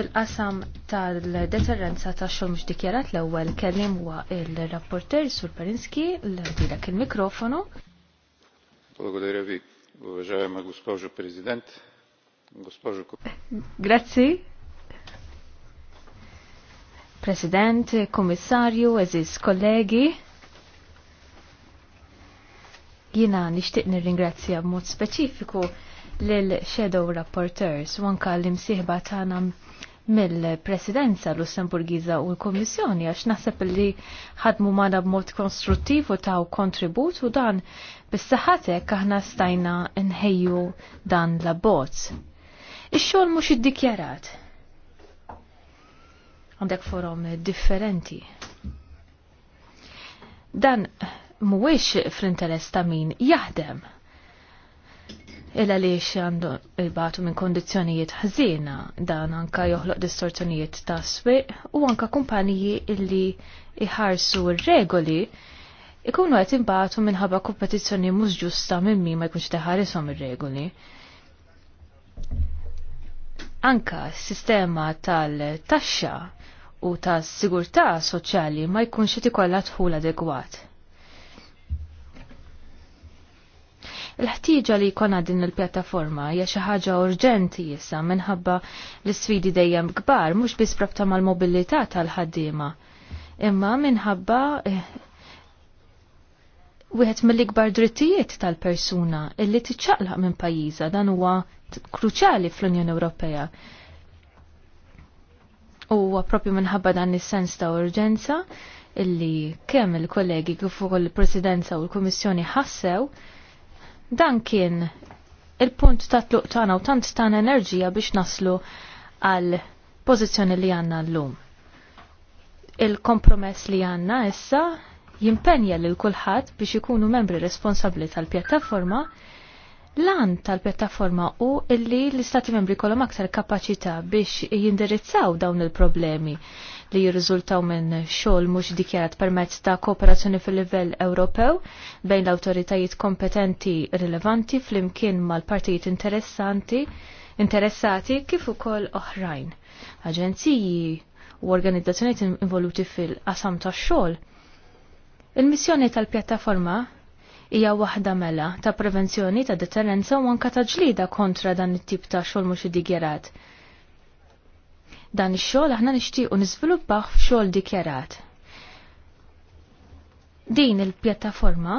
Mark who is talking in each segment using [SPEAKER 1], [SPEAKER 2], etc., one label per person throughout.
[SPEAKER 1] Fil-qasam tal-deterrenza ta' xol mux dikjarat l ewwel kellim huwa il-rapporter Sur Parinski l-dilek il-mikrofonu. Благодаря ви, уважаема госпожо президент, госпожо Grazie. President, Komissarju, eżis kollegi. Jina nishtiq nir-ringrazzja b'mod speċifiku lil Shadow Rapporteurs u anka l-imsieħba tagħna mill-presidenza l-Ussemburgiza u l-Kommissjoni għax naħseb li ħadmu mana b'mod konstruttiv u taw kontribut u dan bis-saħatek aħna stajna nħejju dan la bozz. Ix-xogħol mhux iddikjarat. Għandek forom differenti. Dan mhuwiex fl-interess ta' min jaħdem Illa li għandu il-batu minn kondizjonijiet ħazina dan anka joħloq distorzjonijiet ta' swi u anka kumpaniji illi iħarsu regoli ikunu għet imbatu minħabba kompetizjoni mhux ġusta minn min ma jkunx teħarisom ir-regoli. Anka s-sistema tal-taxxa u tas-sigurtà soċjali ma jkunx qed ikollha dħul adegwat l-ħtieġa li jkollna din il-pjattaforma hija xi ħaġa urġenti issa minħabba l-isfidi dejjem kbar mhux biss prabta mal-mobilità tal-ħaddiema. Imma minħabba eh, wieħed mill-ikbar drittijiet tal-persuna illi tiċċaqlaq minn pajjiża dan huwa kruċjali fl-Unjoni Ewropea. Huwa proprju minħabba dan is-sens ta' urġenza illi kemm il-kollegi kif ukoll il-Presidenza u l-Kummissjoni ħassew Dan kien il-punt ta' tluq tagħna u tant tagħna enerġija biex naslu għal pożizzjoni li għandna llum. Il-kompromess li għandna issa jimpenja lil kulħadd biex ikunu membri responsabbli tal-pjattaforma Lan tal-pjattaforma u illi l-istati membri kolom aktar kapacita biex jindirizzaw dawn il-problemi li jirriżultaw minn xogħol mhux dikjarat permezz ta' kooperazzjoni fil-livell Ewropew bejn l-awtoritajiet kompetenti rilevanti flimkien mal-partijiet interessanti interessati kif ukoll oħrajn. Aġenziji u organizzazzjonijiet involuti fil-qasam tax-xogħol. Il-missjoni tal-pjattaforma hija waħda mela ta' prevenzjoni ta' deterrenza u anka ta' ġlida kontra dan it-tip ta' xogħol mhux iddikjarat Dan ix-xogħol aħna nixtiequ niżviluppaw f'xogħol dikjarat. Din il-pjattaforma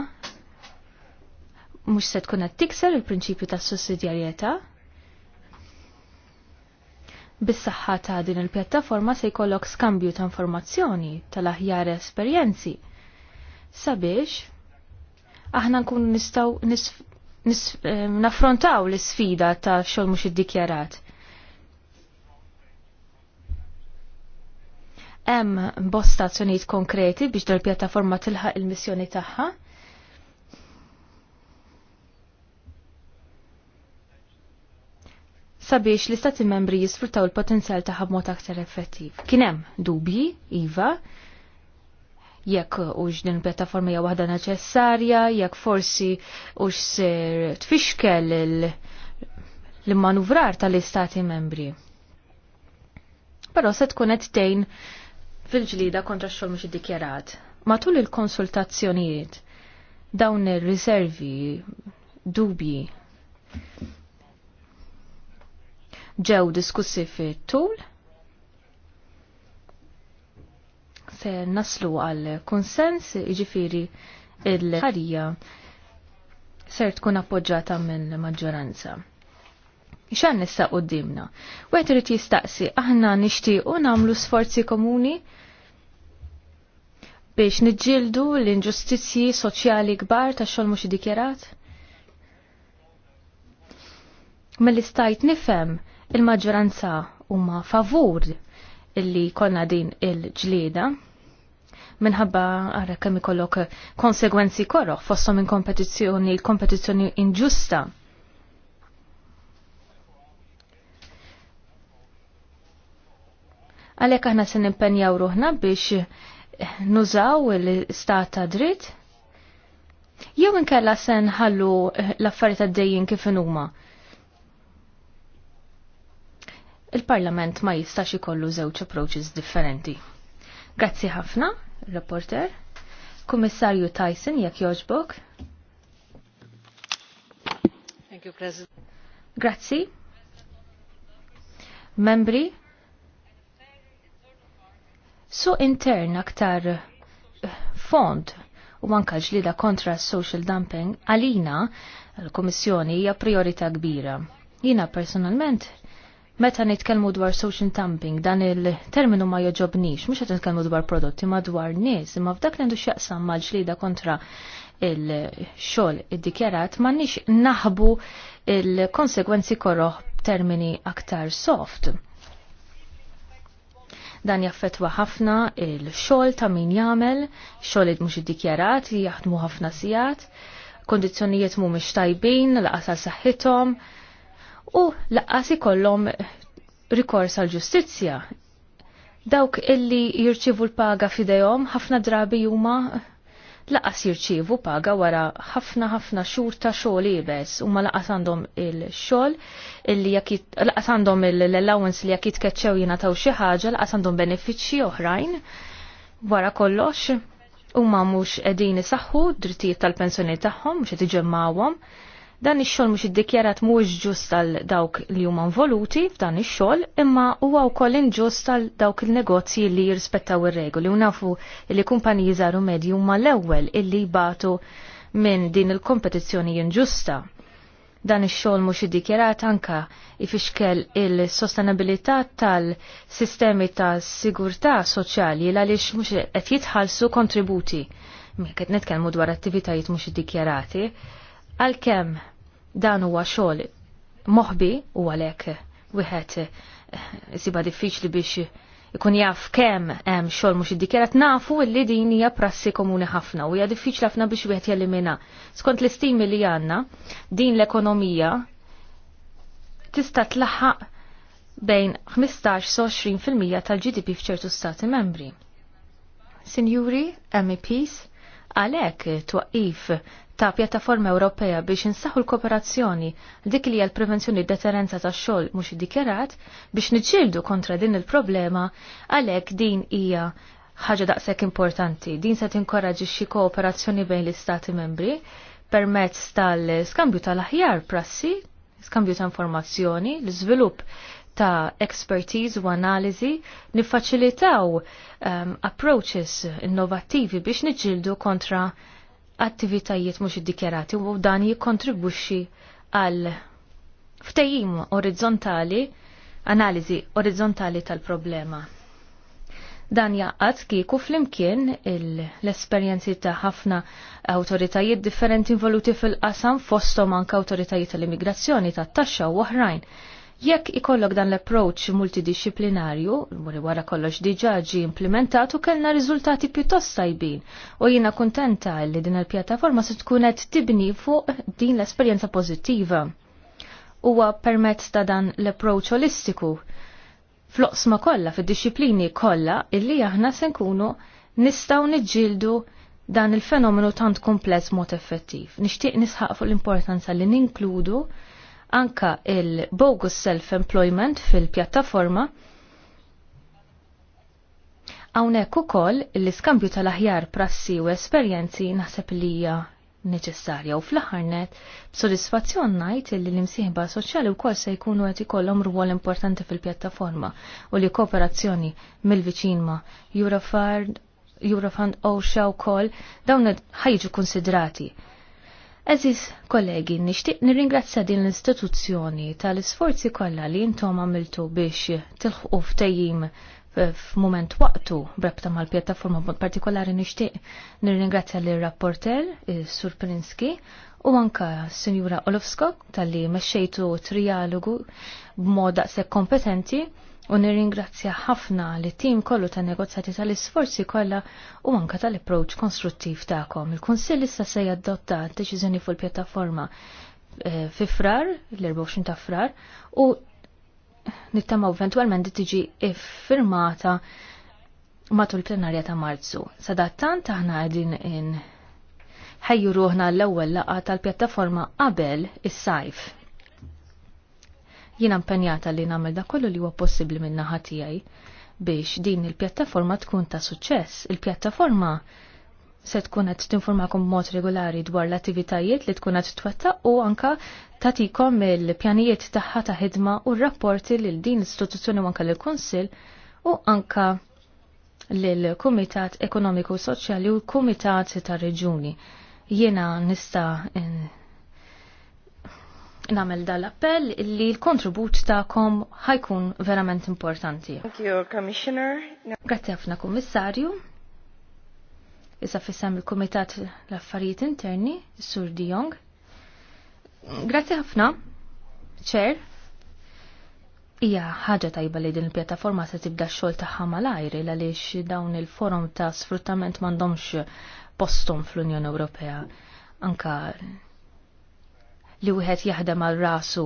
[SPEAKER 1] mhux se tkun qed tikser il-prinċipju tas-sussidjarjetà, Bis-saħħa ta' din il-pjattaforma se jkollok skambju ta' informazzjoni tal-aħjar esperjenzi. Sabiex aħna nkun nistgħu eh, naffrontaw l-isfida ta' xogħol mhux iddikjarat. hemm bosta azzjonijiet konkreti biex dal pjattaforma tilħaq il-missjoni tagħha. Sabiex l-istati membri jisfruttaw il-potenzjal tagħha b'mod aktar effettiv. Kien hemm dubji, iva, jekk ux din pjattaforma hija waħda neċessarja, jekk forsi ux ser tfixkel l-manuvrar tal-istati membri. Però se tkun tejn fil-ġlida kontra x-xogħol mhux iddikjarat. Matul il-konsultazzjonijiet dawn ir-riservi dubji ġew diskussi fit-tul se naslu għal konsens iġifiri il-ħarija ser tkun appoġġata minn maġġoranza xan nissa qoddimna. U għet rrit jistaqsi, aħna u namlu sforzi komuni biex nġildu l-inġustizji soċjali kbar ta' xol mux dikjerat? Mill-istajt nifem il-maġġoranza huma favur illi konna din il-ġlieda minħabba għarra kemm ikollok konsegwenzi korroħ fossom in kompetizzjoni, il-kompetizzjoni inġusta Għalhekk aħna se nimpenjaw ruħna biex nużaw l-istat ta' dritt jew inkella se ħallu l-affarijiet għaddejjin kif huma. Il-Parlament ma jistax ikollu żewġ approaches differenti. Grazzi ħafna, reporter. Kummissarju Tyson, jekk joġbok. Thank you, President. Grazzi. Membri, su intern aktar eh, fond u manka ġlida kontra social dumping għalina l-Komissjoni hija priorità kbira. Jina personalment meta nitkellmu dwar social dumping dan il-terminu ma joġobnix, mhux qed nitkellmu dwar prodotti ma dwar nies, imma f'dak li għandu x'jaqsam mal-ġlida kontra il-xogħol iddikjarat m'għandniex naħbu il-konsekwenzi koroħ b'termini aktar soft Dan jaffetwa ħafna il-xol ta' min jagħmel, id mhux id li jaħdmu ħafna kondizjonijiet mu mhumiex tajbin, laqas saħħitom, saħħithom u laqasi ikollhom rikors għal ġustizzja. Dawk illi jirċivu l-paga fidejhom ħafna drabi huma laqas jirċievu paga wara ħafna ħafna xhur ta' xogħol ibes u ma laqas għandhom il-xogħol illi jekk laqas għandhom l-allowance li jekk jitkeċċew jingħataw xi ħaġa laqas għandhom benefiċċji oħrajn wara kollox u ma mhux qegħdin isaħħu drittijiet tal-pensjoni tagħhom mhux qed Dan ix-xogħol mhux iddikjarat mhuwiex ġust għal dawk li huma involuti f'dan ix-xogħol, imma huwa wkoll inġust għal dawk il-negozji li jirrispettaw ir-regoli u nafu li kumpaniji żaru medji huma l-ewwel illi jbatu minn din il-kompetizzjoni inġusta dan ix-xogħol mhux iddikjarat anke ifixkel il-sostenabilità tal-sistemi ta' sigurtà soċjali għaliex mhux qed jitħallsu kontributi. Qed nitkellmu dwar attivitajiet mhux iddikjarati għalkemm Dan huwa xogħol moħbi u għalhekk wieħed eh, isiba diffiċli biex ikun jaf kemm hemm xogħol mhux iddikjarat nafu li din hija prassi komuni ħafna u hija diffiċli ħafna biex wieħed jelimina. Skont l-istimi li għandna, din l-ekonomija tista' tlaħħaq bejn 15-20% tal-GDP f'ċertu stati membri. Sinjuri, MEPs, għalhekk twaqif ta' pjattaforma Ewropea biex insaħu l-kooperazzjoni dik li għal prevenzjoni d-deterenza ta' xogħol mhux iddikjarat biex niġġieldu kontra din il-problema għalhekk din hija ħaġa daqshekk importanti. Din se xi kooperazzjoni bejn l-istati membri permezz tal-skambju tal-aħjar prassi, skambju ta' informazzjoni, l-iżvilupp ta' expertise u analizi niffaċilitaw um, approaches innovativi biex niġildu kontra attivitajiet mhux iddikjarati u dan jikkontribwixxi għal ftejim orizzontali, analiżi orizzontali tal-problema. Dan jaqqat kieku flimkien l-esperjenzi ta' ħafna awtoritajiet differenti involuti fil-qasam fostom anka awtoritajiet tal-immigrazzjoni tat-taxxa u oħrajn. Jekk ikollok dan l-approach multidisciplinarju, muri wara kollox diġa ġi implementatu, kellna riżultati pjuttost tajbin. U jiena kuntenta li din il-pjattaforma se tkun qed tibni fuq din l-esperjenza pożittiva. Huwa permezz ta' dan l-approach holistiku. Floqsma kollha fid-disciplini kollha illi aħna se nkunu nistgħu niġġieldu dan il-fenomenu tant kompless mod effettiv. Nixtieq nisħaq fuq l-importanza li ninkludu anka il-bogus self-employment fil-pjattaforma Hawnhekk ukoll l-iskambju tal-aħjar prassi u esperjenzi naħseb li hija neċessarja u fl-aħħar net b'sodisfazzjon ngħid li l-imsieħba soċjali wkoll se jkunu qed ikollhom rwol importanti fil-pjattaforma u li kooperazzjoni mill-viċin ma' Eurofund OSHA wkoll dawn ħajġu konsidrati Eżis kollegi, nixtieq nirringrazzja din l-istituzzjoni tal-isforzi kollha li intom għamiltu biex tilħu ftejjim f'mument waqtu b'rebta mal-pjattaforma b'mod partikolari nixtieq nirringrazzja l rapporter Sur Prinski u anka Sinjura Olofskog tal-li meċċejtu trialogu b'mod daqshekk kompetenti u nirringrazzja ħafna li tim kollu ta' negozjati tal-isforzi kollha u anka tal-approċ konstruttiv tagħkom. Il-Kunsill issa se jadotta deċiżjoni fuq il-pjattaforma eh, fi frar, l-24 ta' frar, u nittama eventualment tiġi iffirmata matul plenarja ta' marzu. Sadattant aħna għedin in ħajju ruħna l-ewwel laqa tal-pjattaforma qabel is-sajf Jina impenjata li namel da kollu li huwa possibli minna ħatijaj biex din il-pjattaforma tkun ta' suċċess. Il-pjattaforma se tkun qed tinformakom mod regolari dwar l-attivitajiet li tkun qed twettaq u anka tatikom il-pjanijiet tagħha ta' ħidma u r-rapporti lil din l-istituzzjoni u anka lill-Kunsill u anka l-Kumitat Ekonomiku Soċjali u l-Kumitat ta' Reġuni. Jiena nista' Namel dal dan l-appell li l-kontribut tagħkom ħajkun verament importanti.
[SPEAKER 2] Thank you, Commissioner.
[SPEAKER 1] Grazzi ħafna Kummissarju. Issa fissam il-Kumitat l-Affarijiet Interni, Sur De Jong. Grazzi ħafna, Chair. Ija ħaġa tajba li din il-pjattaforma se tibda x-xogħol ajri malajr għaliex dawn il-forum ta' sfruttament m'għandhomx postum fl-Unjoni Ewropea anka li wieħed jaħdem għal rasu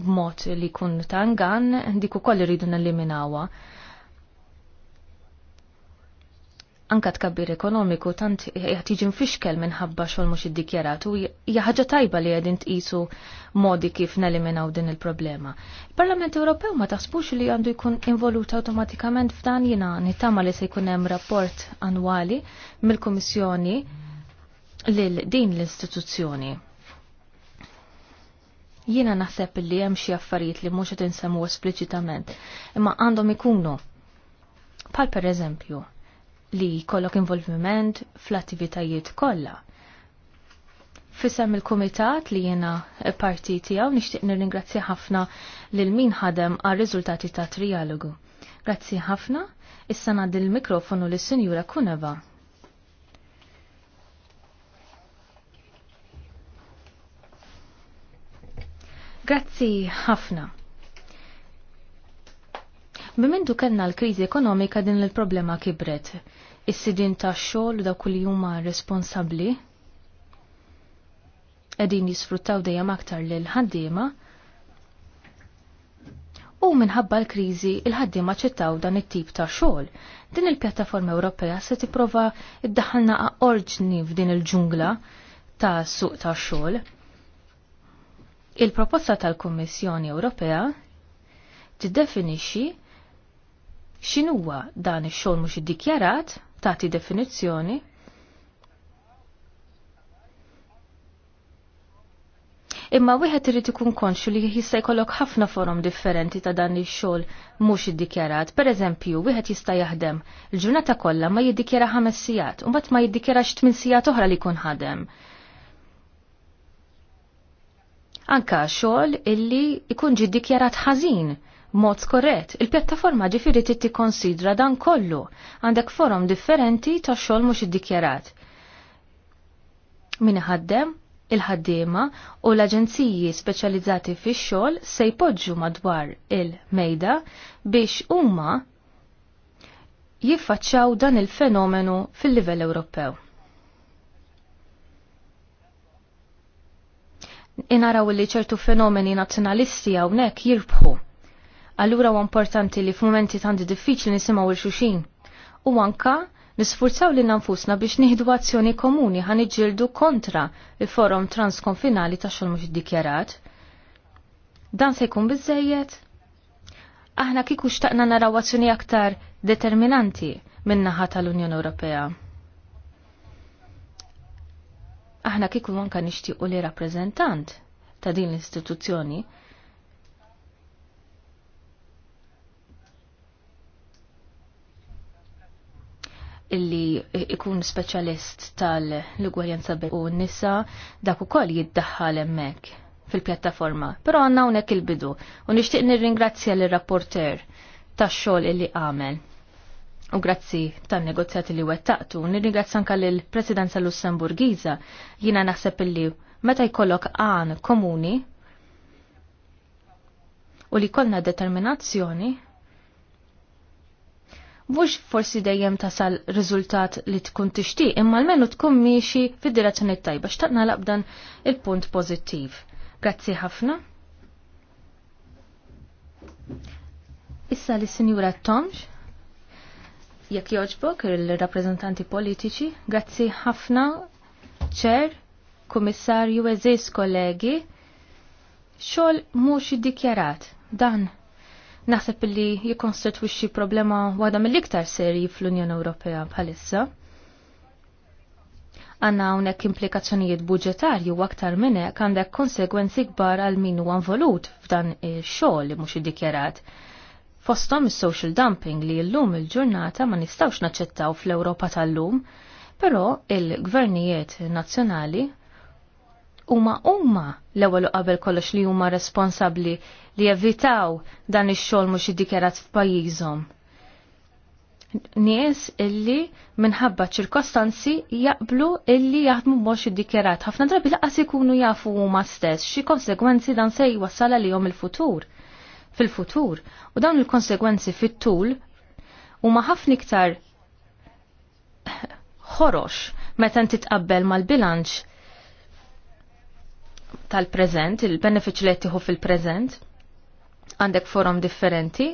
[SPEAKER 1] b'mod li jkun tangan dik ukoll irridu nelliminawha. Anka tkabbir ekonomiku tant jiġi mfixkel minħabba xogħol mhux iddikjarat u hija ħaġa tajba li qegħdin tqisu modi kif neliminaw din il-problema. Il-Parlament Ewropew ma taħsbux li għandu jkun involut awtomatikament f'dan jiena nittama li se jkun hemm rapport annwali mill-Kummissjoni lil din l-istituzzjoni Jiena naħseb li hemm xi affarijiet li mhux qed insemmu espliċitament, imma għandhom ikunu. Pal pereżempju li jkollok involviment fl-attivitajiet kollha. Fisem il-Kumitat li jena parti tijaw nishtiq nir ħafna lil min ħadem għal riżultati ta' trialogu. Grazzi ħafna, issa nad il-mikrofonu l sinjura Kuneva. Grazzi ħafna. Bimintu kellna l-kriżi ekonomika din il-problema kibret. Is-sidin tax-xogħol u kull li huma responsabbli qegħdin jisfruttaw dejjem aktar lil ħaddiema u minħabba l-kriżi il-ħaddiema ċittaw dan it-tip ta' xogħol. Din il-pjattaforma Ewropea se tipprova iddaħħalna qorġni f'din il-ġungla ta' suq ta' xogħol Il-proposta tal-Kummissjoni Ewropea tiddefinixxi x'inhuwa dan ix-xogħol mhux iddikjarat tagħti definizzjoni Imma wieħed irid ikun konxu li jista' jkollok ħafna forom differenti ta' dan ix-xogħol mhux iddikjarat. Pereżempju, wieħed jista' jaħdem il-ġurnata kollha ma jiddikjara ħames sigħat u mbagħad ma jiddikjarax tmien sigħat oħra li jkun ħadem anka xogħol illi ikun ġi dikjarat ħażin mod skorrett. Il-pjattaforma ġifiri trid tikkonsidra dan kollu. Għandek forum differenti ta' xogħol mhux iddikjarat. Min ħaddem, il-ħaddiema u l-aġenziji speċjalizzati fix-xogħol se jpoġġu madwar il-mejda biex huma jiffaċċaw dan il-fenomenu fil-livell Ewropew. inaraw li ċertu fenomeni nazzjonalisti hawnhekk jirbħu. Allura huwa importanti li f'mumenti tanti diffiċli nisimgħu il-xuxin. U anka nisfurzaw li nanfusna biex nieħdu azzjoni komuni ħan iġġieldu kontra il-forum transkonfinali ta' xogħol mhux iddikjarat. Dan se jkun biżejjed? Aħna kieku xtaqna naraw azzjoni aktar determinanti min-naħa tal-Unjoni Ewropea. Aħna kieku anka nixtiequ li rappreżentant ta' din l-istituzzjoni illi ikun speċjalist tal-ugwaljanza u n-nisa dak ukoll jiddaħħal hemmhekk fil-pjattaforma. Però għandna hawnhekk il-bidu u nixtieq nirringrazzja l-rapporter tax-xogħol illi għamel u grazzi tan negozjati li wettaqtu, nirringrazzja anka lil presidenza Lussemburgiza, Jina naħseb illi meta jkollok għan komuni u li kollna determinazzjoni, mhux forsi dejjem tasal riżultat li tkun tixtieq, imma almenu tkun miexi fid-direzzjoni tajba x'taqna labdan il-punt pożittiv. Grazzi ħafna. Issa li Sinjura Tomx. Jekk joġbok il-rappreżentanti politiċi, grazzi ħafna ċer, kummissarju eżis kollegi, xogħol mhux dikjarat dan naħseb li jikonstitwixxi problema waħda mill-iktar serji fl-Unjoni Ewropea bħalissa. Għanna hawnhekk implikazzjonijiet budġetarju u aktar minn hekk għandek konsegwenzi kbar għal min huwa involut f'dan ix-xogħol li mhux iddikjarat fostom is-social dumping li llum il-ġurnata ma nistawx naċċettaw fl-Ewropa tal-lum, però il-gvernijiet nazzjonali huma huma l-ewwel qabel kollox li huma responsabbli li jevitaw dan ix-xogħol mhux iddikjarat f'pajjiżhom. Nies illi minħabba ċirkostanzi jaqblu illi jaħdmu mhux iddikjarat. Ħafna drabi laqas ikunu jafu huma stess xi konsegwenzi dan se jwassala lihom il-futur. jom il futur fil-futur u dawn il-konsekwenzi fit-tul huma ħafna iktar ħorox meta titqabbel mal-bilanċ tal-preżent, il-benefiċ li tieħu fil-preżent, għandek forum differenti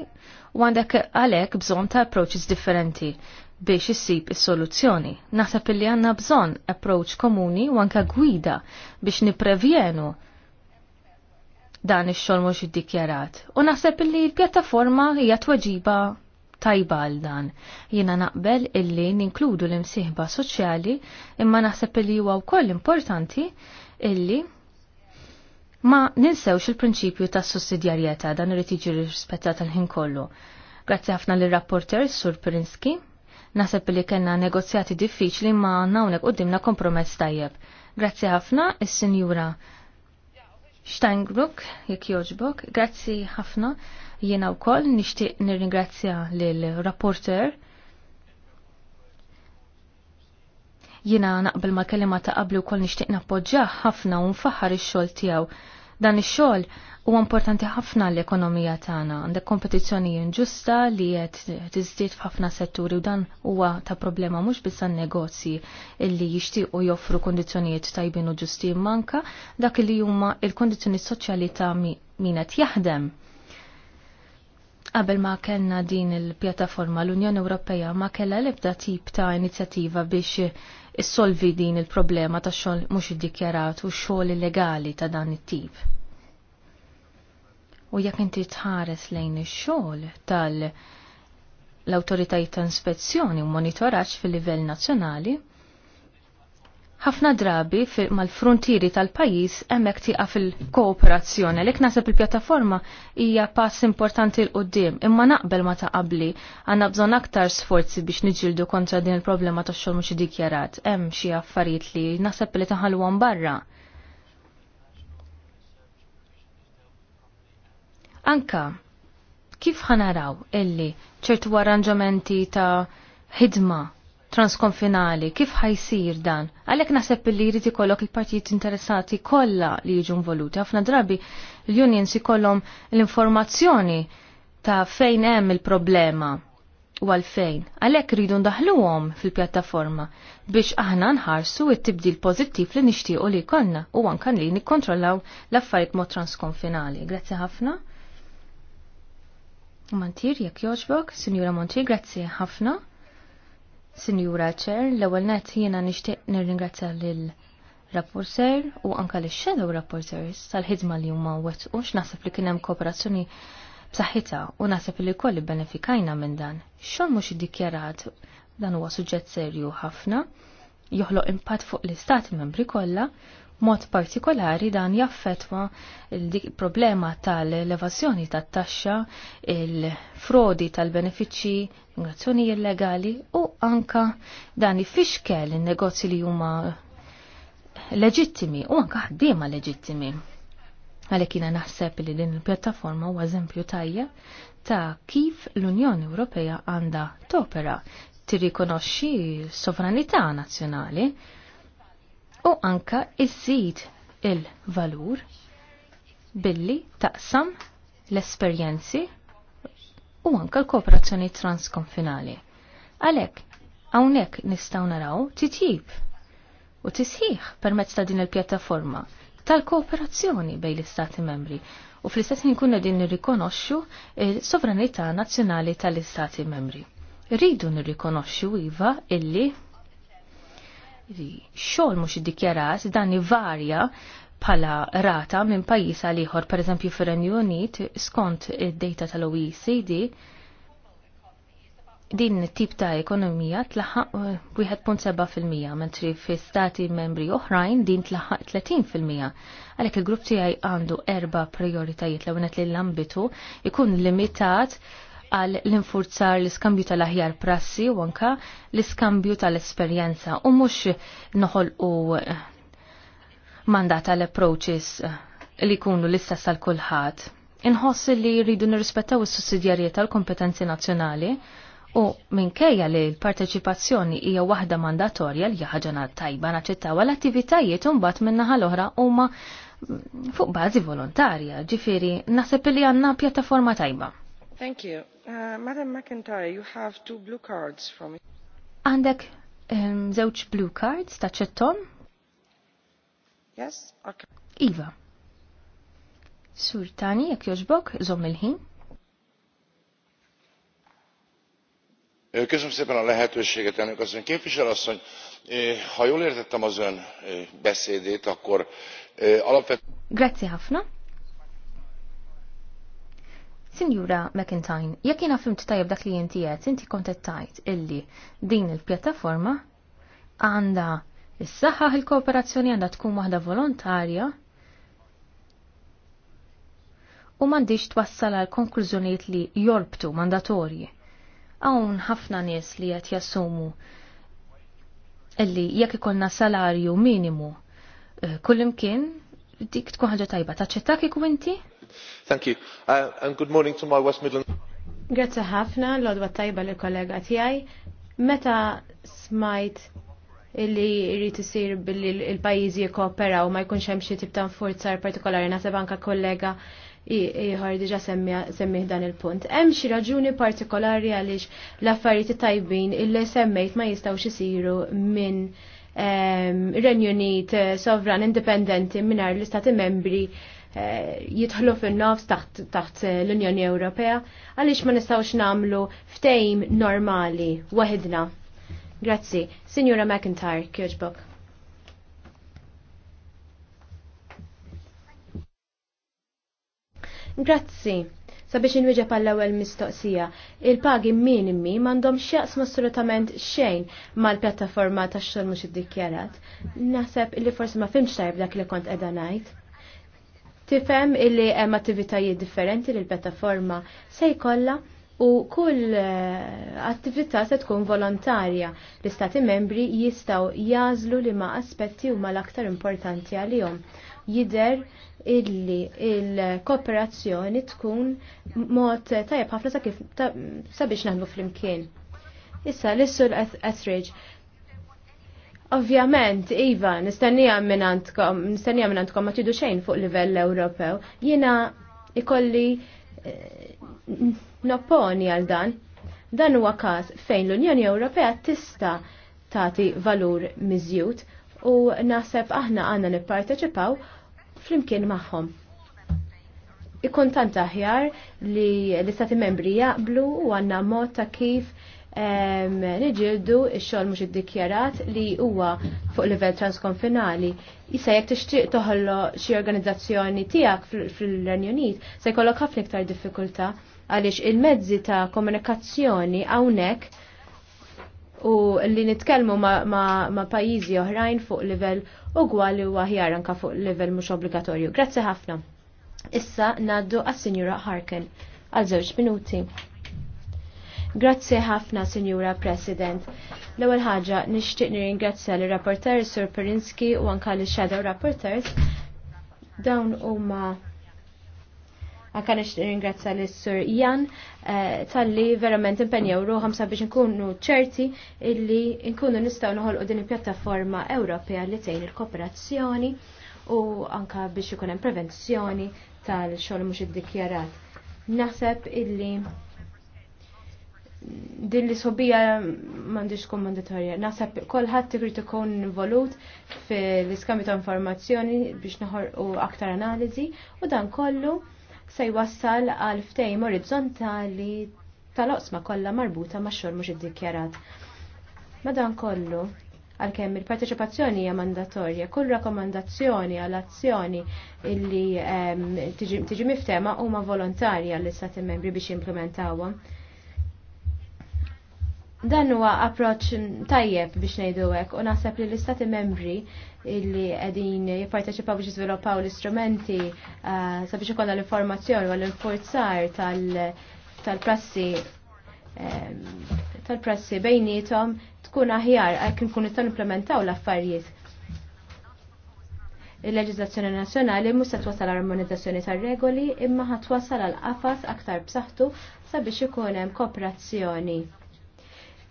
[SPEAKER 1] u għandek għalhekk bżonn ta' approaches differenti biex issib is-soluzzjoni. Naħseb illi għandna bżonn approach komuni u anke gwida biex niprevjenu dan ix-xogħol mhux iddikjarat. U naħseb li l-pjattaforma hija tweġiba tajba għal dan. Jiena naqbel illi ninkludu l-imsieħba soċjali imma naħseb illi huwa wkoll importanti illi ma ninsewx il-prinċipju ta' sussidjarjetà dan irid jiġi rispettat il-ħin kollu. Grazzi ħafna lir-rapporter Sur Prinski. Naħseb li kellna negozjati diffiċli ma unek qudiemna kompromess tajjeb. Grazzi ħafna is-Sinjura Steinbrook, jek joġbok, grazzi ħafna jiena u koll, nishtiq nirringrazzja l-rapporter. Jiena naqbel ma kelima ta' qabli u koll nishtiq nappoġġa ħafna un faħar ix-xol tijaw Dan ix-xogħol huwa importanti ħafna l-ekonomija tagħna. Għandek kompetizzjoni inġusta li qed tiżdied f'ħafna setturi u dan huwa ta' problema mhux biss negozji li jixtiequ joffru kondizzjonijiet tajbin u ġusti manka dak li huma l kondizzjoni soċjali ta' min qed jaħdem. Qabel ma kellna din il-pjattaforma l-Unjoni Ewropea ma kellha l-ebda tip ta' inizjattiva biex issolvi din il-problema ta' xogħol mhux iddikjarat u xogħol illegali ta' dan it-tip. U jekk inti tħares lejn ix-xogħol tal- l ta' Inspezzjoni u monitoraġġ fil-livell nazzjonali, ħafna drabi mal-frontieri tal-pajis emmek tiqa fil-kooperazzjoni. Lek nasib il-pjattaforma hija pass importanti l-qoddim, imma naqbel ma ta' qabli għanna bżon aktar sforzi biex niġildu kontra din il-problema ta' xol mux dikjarat. Hemm xi affarijiet li nasib li għan barra. Anka, kif ħanaraw illi ċertu arranġamenti ta' ħidma transkonfinali, kif ħajsir dan? Għalek naħseb li jrid ikollok il-partijiet interessati kollha li jiġu involuti. Ħafna drabi l-unions ikollhom l-informazzjoni ta' fejn hemm il-problema u għalfejn. Għalek rridu ndaħluhom fil-pjattaforma biex aħna nħarsu it-tibdil pożittiv li nixtiequ li konna u anke li nikkontrollaw l-affarijiet mod transkonfinali. Grazzi ħafna. Montier, jekk joġbok, signora Montier, grazzi ħafna. Sinjura Ċer, l-ewwel nett jiena nixtieq nirringrazzja lil rapporter u anka lix shadow rapporters tal-ħidma li huma wettqu x'naħseb li kien hemm kooperazzjoni b'saħħitha u naħseb li kolli benefikajna minn dan. Xogħol mhux iddikjarat dan huwa suġġett serju ħafna, joħloq impatt fuq l-istati membri kollha Mod partikolari dan jaffetwa il-problema tal-evasjoni tat-taxxa, il-frodi tal-benefiċċji, migrazzjoni illegali u anka dan ifixkel in-negozji li huma leġittimi u anka ħaddiema leġittimi. Għalhekk jiena naħseb li din il-pjattaforma huwa eżempju tajja ta' kif l-Unjoni Ewropea għandha topera tirrikonoxxi sovranità nazzjonali u anka iżid il-valur billi taqsam l-esperjenzi u anka l-kooperazzjoni transkonfinali. Għalek, għawnek nistaw naraw titjib u tisħiħ permezz ta' din il-pjattaforma tal-kooperazzjoni bej l-istati membri u fl-istess ħin din nirrikonoxxu il-sovranità nazzjonali tal-istati membri. Rridu nirrikonoxxu iva illi xogħol mhux iddikjarat dan ivarja bħala rata minn pajjiż għal ieħor, pereżempju fir-Renju Unit, skont id-data tal-OECD, din tip ta' ekonomija tlaħħaq 1.7% eh, mentri fi stati membri oħrajn din tlaħaq 30%. Għalhekk il-grupp tiegħi għandu erba' prioritajiet l li l-ambitu ikun limitat għal l-infurzar l-iskambju tal-aħjar prassi u anka l-iskambju tal-esperjenza u mux noħol u eh, mandat għal approaches eh, li kunu l-istess għal kulħadd. Inħoss li rridu nirrispettaw is-sussidjarjetà tal kompetenzi nazzjonali u minkejja li l-parteċipazzjoni hija waħda mandatorja li ħaġa tajba naċċettaw għal attivitajiet mbagħad min-naħa l-oħra huma mm, fuq bażi volontarja, ġifieri naħseb li għandna pjattaforma tajba.
[SPEAKER 2] Thank you. Uh, Madam McIntyre, you have two blue cards from
[SPEAKER 1] Għandek um, ehm, zewċ blue cards taċċettom?
[SPEAKER 2] Yes, okay. Iva.
[SPEAKER 1] Sur tani, jek joġbok, zom il-ħin.
[SPEAKER 3] Köszönöm szépen a lehetőséget, elnök asszony. Képviselő ha jól értettem az ön beszédét, akkor alapvetően... Grazie, Hafna.
[SPEAKER 1] Sinjura McIntyre, jekk jiena fimt tajjeb dak li inti qed, inti kontettajt illi din il-pjattaforma għandha is saħħa il-kooperazzjoni għandha tkun waħda volontarja u m'għandix twassal għal konklużjonijiet li jolbtu mandatorji. Hawn ħafna nies li qed jassumu illi jekk ikollna salarju minimu eh, kullimkien dik tkun ħaġa tajba. Taċċettak kieku inti?
[SPEAKER 3] Thank you. Uh, and good morning to my West Midlands.
[SPEAKER 2] Grazzi ħafna l-odwa tajba li kollega tiegħi. Meta smajt illi jrid isir billi l-pajjiżi jikkooperaw ma jkunx hemm xi tip ta' nfurzar partikolari naħseb anke kollega ieħor diġa semmih dan il-punt. Hemm xi raġuni partikolari għaliex l-affarijiet tajbin illi semmejt ma jistgħux isiru minn Renju eh, sovran indipendenti minar l-istati membri eh, jitħlu fin-nofs taħt eh, l-Unjoni Ewropea għaliex ma nistgħux nagħmlu ftejm normali wahidna. Grazzi. Signora McIntyre, kjoġbok. Grazzi. Sabiex inwieġeb għall ewwel mistoqsija, il-pagi minimi m'għandhom x'jaqs assolutament xejn mal-pjattaforma tax-xogħol mhux iddikjarat. Naħseb li forsi ma fimx tajb dak li kont qeda ngħid. Tifhem illi hemm attivitajiet differenti li l-pjattaforma se jkollha u kull eh, attività se tkun volontarja. L-istati membri jistaw jazlu li ma aspetti huma l-aktar importanti għalihom. Jider illi il-kooperazzjoni tkun mod tajjeb ħafna sa kif sabiex naħdmu flimkien. Issa l l-Ethridge. Ovvjament, Iva, nistennija minnantkom, nistennija ma tidu xejn fuq livell Ewropew. Jina ikolli Eh, nopponi għal dan. Dan huwa każ fejn l-Unjoni Ewropea tista tagħti valur miżjud u naħseb aħna għandna nipparteċipaw flimkien magħhom. Ikun tant aħjar li l-istati membri jaqblu u għandna mod ta' kif niġildu x-xogħol mhux iddikjarat li huwa fuq livell transkonfinali. Issa jekk tixtieq toħollo xi organizzazzjoni tiegħek fil-Renju Unit se jkollok ħafna iktar diffikulta għaliex il-mezzi ta' komunikazzjoni hawnhekk u li nitkellmu ma' pajjiżi oħrajn fuq livell ugwali u aħjar anka fuq livell mhux obbligatorju. Grazzi ħafna. Issa naddu għas-Sinjura Harken għal żewġ minuti. Grazzi ħafna, Sinjura President. L-ewwel ħaġa nixtieq nirringrazzja lir rapporter Sur Perinski u anke li shadow rapporters. Dawn huma anke nixtieq nirringrazzja lis Sur Jan eh, talli verament impenjaw ruħam sabiex nkunu ċerti illi nkunu nistgħu noħolqu din il-pjattaforma Ewropea li tgħin il-kooperazzjoni u anka biex ikun hemm prevenzjoni tal-xogħol mhux iddikjarat. Naħseb illi din li sobija mandiġ tkun mandatorja. Nasab kolħat tikri tkun involut fil-iskambju ta' informazzjoni biex naħor u aktar analizi u dan kollu se jwassal għal ftejm orizzontali tal-oqsma kollha marbuta ma' xogħol mhux iddikjarat. Madan kollu, għalkemm il-parteċipazzjoni hija mandatorja, kull rakkomandazzjoni għal azzjoni illi ehm, tiġi miftema huma volontarja l istati membri biex jimplementawhom. Dan huwa approċċ tajjeb biex ngħidu hekk u naħseb li l-istati membri illi qegħdin jipparteċipaw biex jiżviluppaw l-istrumenti uh, sabiex ikollha l-informazzjoni u l-infurzar tal-prassi tal-prassi bejnietom tkun aħjar għal nkunu tan implementaw l-affarijiet. Il-leġizlazzjoni nazzjonali mhux se twasal armonizzazzjoni tar-regoli imma wasal għal qafas aktar b'saħħtu sabiex ikun hemm kooperazzjoni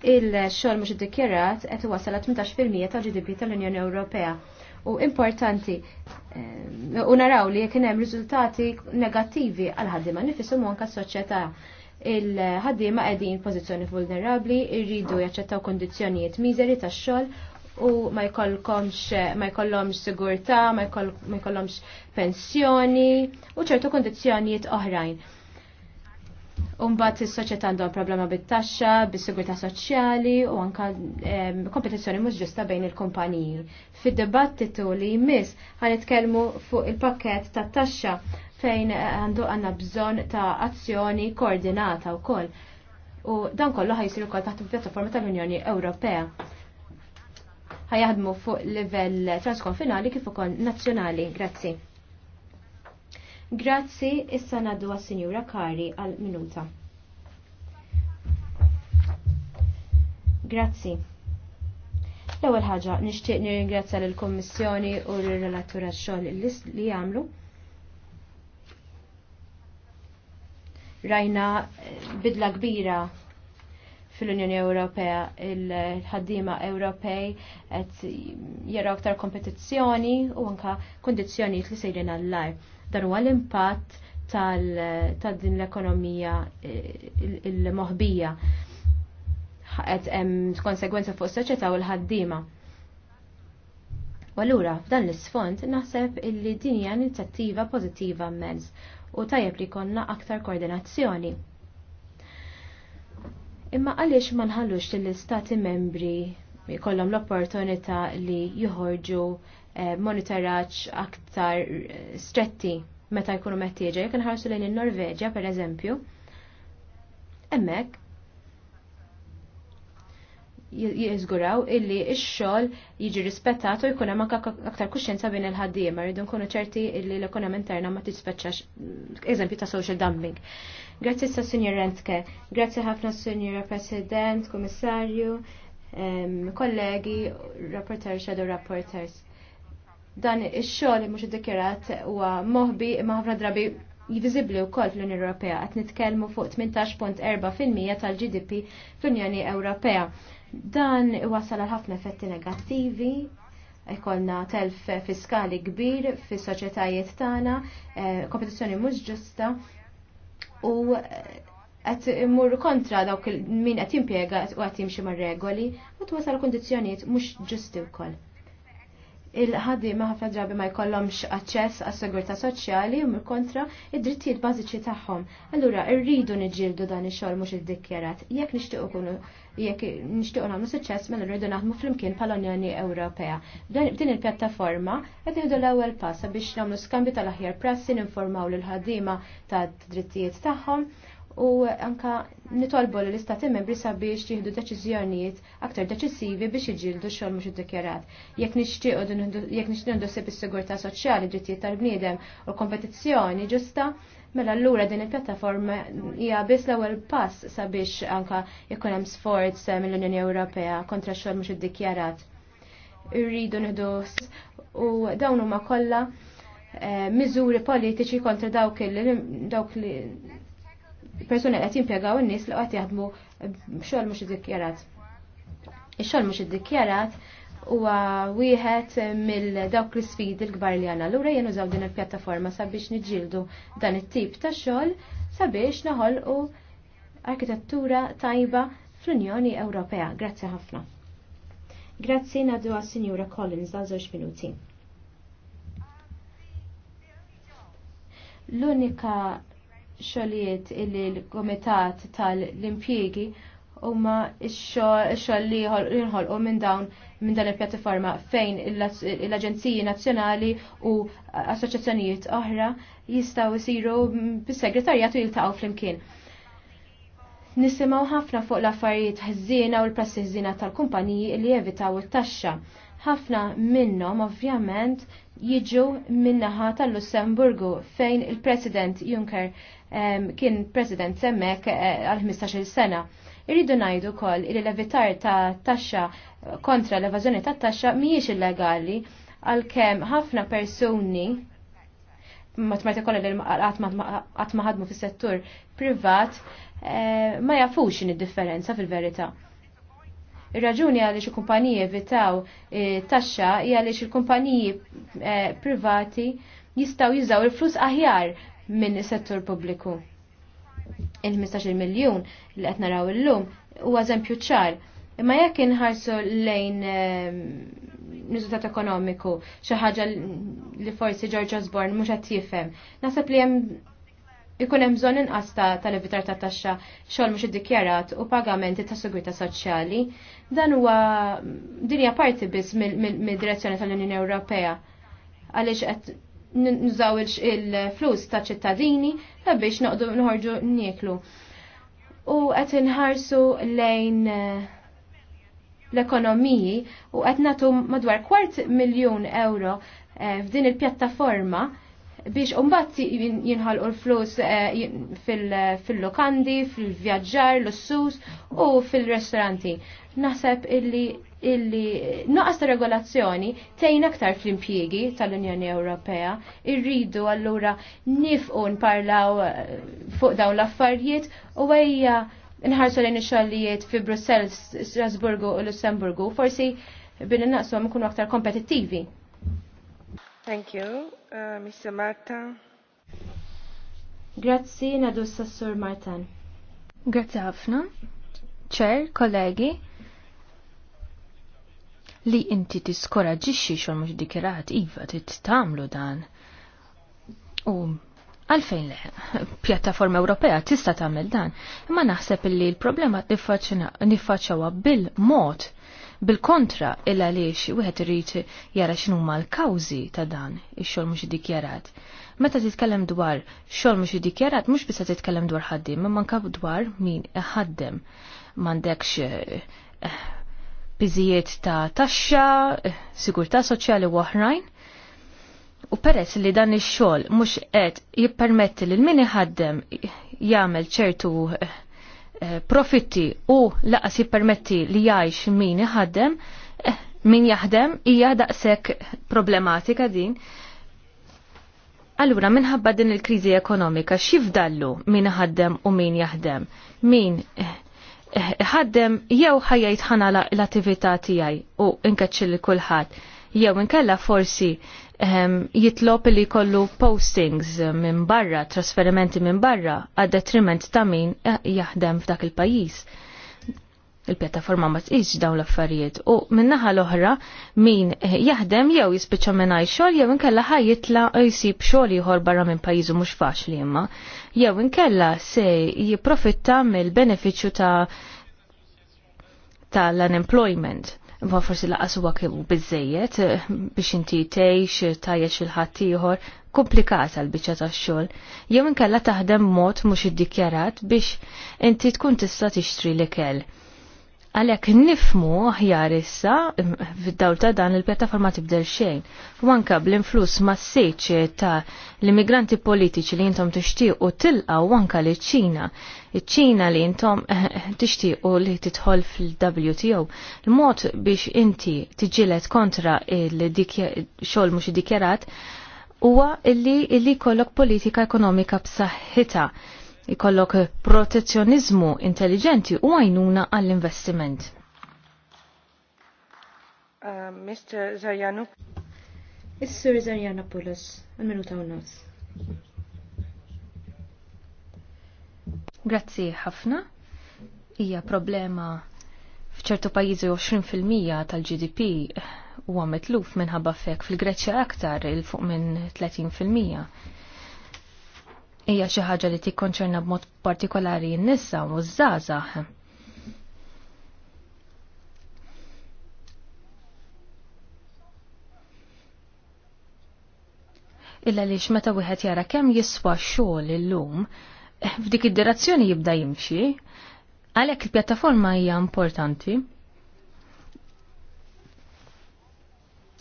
[SPEAKER 2] il-xogħol mhux iddikjerat qed iwassal 18% tal-GDP tal-Unjoni Ewropea. U importanti eh, u naraw li jekk hemm riżultati negattivi għal ħaddiema nifisom anka s-soċjetà il-ħaddiema qegħdin pożizzjoni vulnerabbli, irridu jaċċettaw kondizzjonijiet miżeri tax-xogħol u ma jkollkomx ma jkollhomx sigurtà, ma jkollhomx pensjoni u ċertu kondizzjonijiet oħrajn. Umbat is-soċjetà għandhom problema bit-taxxa, bis-sigurtà soċjali u anka kompetizzjoni mhux ġusta bejn il-kumpaniji. Fid-dibattitu li jmiss ħanitkellmu fuq il-pakkett tat-taxxa fejn eh, għandu għandna bżonn ta' azzjoni koordinata wkoll. U dan kollu ħajsir ukoll taħt il-pjattaforma tal-Unjoni Ewropea. Ħajaħdmu fuq livell transkonfinali kif ukoll nazzjonali. Grazzi. Grazzi, issa naddu għas-Sinjura Kari għal-minuta. Grazzi. L-ewwel ħaġa nixtieq nirringrazzja lill kommissjoni u l relatura xogħol li jagħmlu. Rajna eh, bidla kbira fil-Unjoni Ewropea, il-ħaddiema Ewropej qed jaraw aktar kompetizzjoni u anke kundizzjonijiet li sejrin għall-lar dar l-impatt tal din l-ekonomija eh, il-moħbija ħaqet hemm konsegwenza fuq is-soċjetà u l-ħaddiema. U allura f'dan l-isfond naħseb illi din hija inizjattiva pożittiva mezz u tajjeb li konna aktar koordinazzjoni. Imma għaliex ma nħallux lill istati membri jkollhom l-opportunità li joħorġu Eh, monitoraċ aktar eh, stretti meta jkunu mettieġa. Jekk nħarsu lejn il norveġja pereżempju, hemmhekk jiżguraw illi x-xogħol jiġi rispettat u jkun hemm aktar kuxjenza bejn il-ħaddiem, rridu nkunu ċerti illi l-ekonomija interna ma tispeċċax mm, eżempju ta' social dumping. Grazzi sa' Sinjor Rentke, grazzi ħafna Sinjor President, Komissarju, kollegi, rapporter, shadow rapporters. Dan ix-xogħol mhux dikirat huwa moħbi imma ħafna drabi jivizibli u koll fl-Unjoni Ewropea qed nitkellmu fuq 18.4% tal-GDP fl-Unjoni Ewropea. Dan wasal ħafna effetti negattivi ikolna telf fiskali kbir fis soċjetajiet tagħna, eh, kompetizzjoni mhux ġusta u eh, qed immur kontra dawk min qed jimpjega u qed jimxi mar-regoli u twasal kundizzjonijiet mhux ġusti wkoll il-ħaddiema ħafna drabi ma jkollhomx aċċess għas sigurtà soċjali u mill-kontra id-drittijiet bażiċi tagħhom. Allura rridu niġġieldu dan ix-xogħol mhux iddikjarat. Jekk nixtiequ kunu jekk nixtiequ nagħmlu suċċess mela rridu naħdmu flimkien bħall-Unjoni Ewropea. Din il-pjattaforma qed nieħdu l-ewwel pass biex nagħmlu skambju tal-aħjar prassi ninformaw lil ħaddiema tad-drittijiet tagħhom u anka nitolbu l istati membri sabiex jieħdu deċiżjonijiet aktar deċisivi biex iġildu xogħol mhux id Jekk nixtiequ jekk nixtiequ ndossib is-sigurtà soċjali, drittijiet tal-bniedem u kompetizzjoni ġusta, mela allura din il-pjattaforma hija biss l-ewwel pass sabiex anka jkun hemm sforz mill-Unjoni Ewropea kontra xogħol mhux iddikjarat. Irridu nieħdu u dawn huma kollha eh, miżuri politiċi kontra dawk li persuni qed jimpjegaw in-nies li qed jaħdmu xogħol mhux iddikjarat. Ix-xogħol mhux iddikjarat huwa wieħed mill dawk l-isfidi l-kbar li għandna. Lura jien użaw din il-pjattaforma sabiex niġġieldu dan it-tip ta' xogħol sabiex naħolqu arkitettura tajba fl-Unjoni Ewropea. Grazzi ħafna. Grazzi nadu għas Sinjura Collins għal żewġ minuti. L-unika xogħlijiet illi l-Kumitat tal-Impjiegi huma x-xogħol li jinħolqu minn dawn minn dan il-pjattaforma fejn l-Aġenziji Nazzjonali u assoċjazzjonijiet oħra jistgħu jsiru bis-segretarjat u jiltaqgħu flimkien. Nisimgħu ħafna fuq l-affarijiet ħżiena u l-prassi ħżiena tal-kumpaniji li jevitaw it-taxxa Ħafna minnhom ovvjament jiġu minnaħa tal-Lussemburgu fejn il-President Juncker um, kien President semmek eh, għal uh, sena. Irridu najdu kol il levitar ta' taxxa kontra l-evażjoni ta' taxxa mhijiex illegali għalkemm ħafna persuni matmajta kolla li għatmaħadmu ħadmu fis settur privat eh, ma jafux in differenza fil-verita. Ir-raġuni għaliex il-kumpaniji evitaw eh, taxxa hija għaliex il-kumpaniji eh, privati jistgħu jużaw il-flus aħjar minn settur pubbliku. Il-15 miljun li qed naraw illum huwa eżempju ċar. Imma jekk inħarsu lejn nizutat eh, ekonomiku xi ħaġa li forsi George Osborne mhux qed jifhem. li ikun hemm bżonn inqas tal-evitar ta' taxxa xogħol mhux iddikjarat u pagamenti ta' sigurtà soċjali. Dan huwa din hija parti biss mid-direzzjoni tal-Unjoni Ewropea għaliex qed nużaw il-flus ta' ċittadini sabiex noqdu nħorġu nieklu. U qed inħarsu lejn eh, l-ekonomiji u qed nagħtu madwar kwart miljun euro eh, f'din il-pjattaforma biex umbat u l-flus eh, fil-lokandi, fil-vjaġġar, l-sus u fil-restoranti. Naħseb illi illi noqas ta' regolazzjoni tejn aktar fl-impjiegi tal-Unjoni Ewropea irridu allura nifqu nparlaw eh, fuq dawn l-affarijiet u għajja nħarsu lejn ix-xogħlijiet fi Brussels, Strasburgu u Lussemburgu forsi bin naqsu nkunu aktar kompetittivi.
[SPEAKER 1] Thank you, uh, Mr. Martin.
[SPEAKER 2] Grazzi, nadu sassur Martin. Grazzi ħafna. Ċer,
[SPEAKER 1] kollegi, li inti tiskoraġixi xogħol mhux dikirat iva tit tagħmlu dan. U għalfejn le, pjattaforma Ewropea tista' tagħmel dan, imma naħseb li l-problema niffaċċawha bil-mod Bil-kontra, illa għaliex wieħed irid jara x'numa l-kawżi ta' dan ix-xogħol mhux iddikjarat. Meta titkellem dwar xogħol mhux iddikjarat, mhux biss titkellem dwar ħaddiem, imma anke dwar min ħaddem. M'għandekx biżijiet eh, ta' taxxa, eh, sigurtà soċjali u oħrajn. U peress li dan ix-xogħol mhux qed jippermetti lil min iħaddem jagħmel ċertu eh, profitti u laqas jippermetti li jgħix min iħaddem, eh, min jaħdem hija daqshekk problematika din. Allura minħabba din il-kriżi ekonomika x'jifdallu min ħaddem u min jaħdem? Min eh, eh, ħaddem jew ħajjajt ħana l-attività tiegħi u inkaċċilli kulħadd jew inkella forsi Ehm, jitlob li kollu postings minn barra, trasferimenti minn barra, għad detriment ta' min jaħdem f'dak il-pajis. Il-pjattaforma ma tqis dawn l-affarijiet u minnaħa l-oħra min jaħdem jew jispiċċa mingħajr xogħol jew inkella ħaj jitla jsib xogħol ieħor barra minn pajjiżu mhux faċli imma. Jew inkella se jipprofitta mill-benefiċċju ta' tal-unemployment ma forsi laqas huwa kemm biżejjed eh, biex inti tgħix tajjex il-ħadd ieħor komplikata l-biċċa tax-xogħol. Jew inkella taħdem mod mhux iddikjarat biex inti tkun tista' tixtri l-ikel. Għalek nifmu aħjar issa fid-dawl ta' dan il-pjattaforma tibdel xejn. Wanka bl-influss massiċ ta' l-immigranti politiċi li jintom tixtiequ tilqa u anka li ċina. Ċina li jintom tixtiequ li titħol fil-WTO. l mod biex inti tiġilet kontra il-xol mux dikjerat huwa illi illi kollok politika ekonomika b'saħħitha ikollok protezzjonizmu intelligenti u għajnuna
[SPEAKER 2] għall-investiment. Uh, Mr. Zajanu. Is-Sur Zarjana għal-minuta u nofs.
[SPEAKER 1] Grazzi ħafna. Hija problema f'ċertu pajjiżi 20% tal-GDP huwa mitluf minħabba fek fil-Greċja aktar il fuq minn 30% hija xi ħaġa li tikkonċerna b'mod partikolari n-nisa u żgħażagħ. Illa li meta wieħed jara kemm jiswa xogħol illum, f'dik id-direzzjoni jibda jimxi, għalhekk il-pjattaforma hija importanti.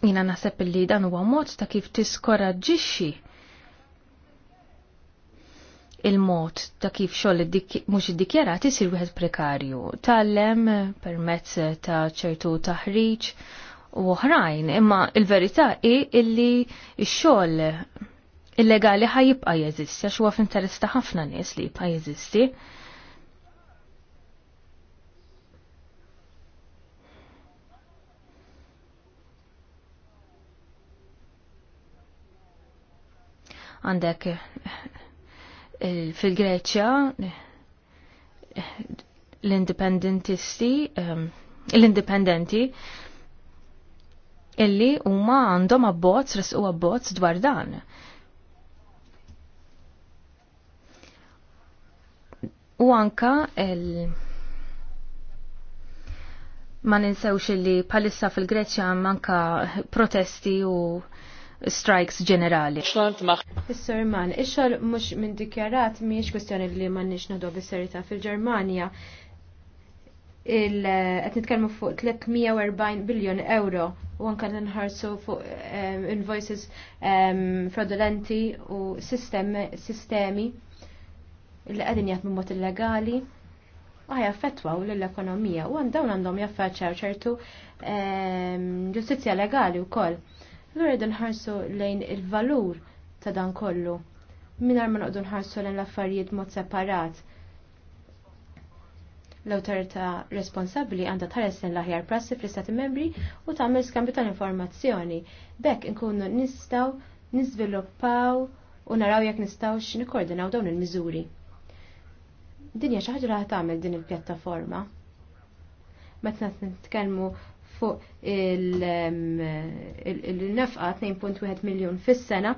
[SPEAKER 1] Jina naħseb li dan huwa mod ta' kif tiskoraġġixxi il-mod ta' kif xoll mhux iddikjarat isir wieħed prekarju. Tallem permezz ta' ċertu taħriġ u oħrajn, imma il-verità hi illi x-xogħol illegali jibqa' jeżisti għax huwa f'interess ta' ħafna nies li jibqa' jeżisti. Għandek Eh, fil-Greċja l-independentisti ehm, l-independenti illi huma għandhom abbozz resqu abbozz dwar dan. U anka il ma ninsewx li palissa fil-Greċja manka protesti u
[SPEAKER 2] strikes ġenerali. is Man, ix-xogħol mhux minn dikjarat mhijiex kwestjoni li m'għandniex nagħdu nadu serjetà fil-Ġermanja. Qed nitkellmu fuq 340 biljon euro u anke nħarsu fuq ehm, invoices ehm, fraudulenti u sistemi illi qegħdin jaħdmu mod illegali għaj u l-ekonomija u għandawn għandhom jaffaċċaw ċertu ehm, ġustizja legali u koll. Allura jridu nħarsu lejn il-valur ta' dan kollu. Minar ma noqdu nħarsu lejn l-affarijiet mod separat. l autorita responsabli għandha tħares lejn l-aħjar prassi fl-Istati membri u tagħmel skambju tal-informazzjoni. Bekk inkunu nistgħu niżviluppaw u naraw jekk nistgħux nikkoordinaw dawn il-miżuri. Dinja xi ħaġa li tagħmel din il-pjattaforma. t nitkellmu fuq il-nefqa 2.1 miljon fis-sena.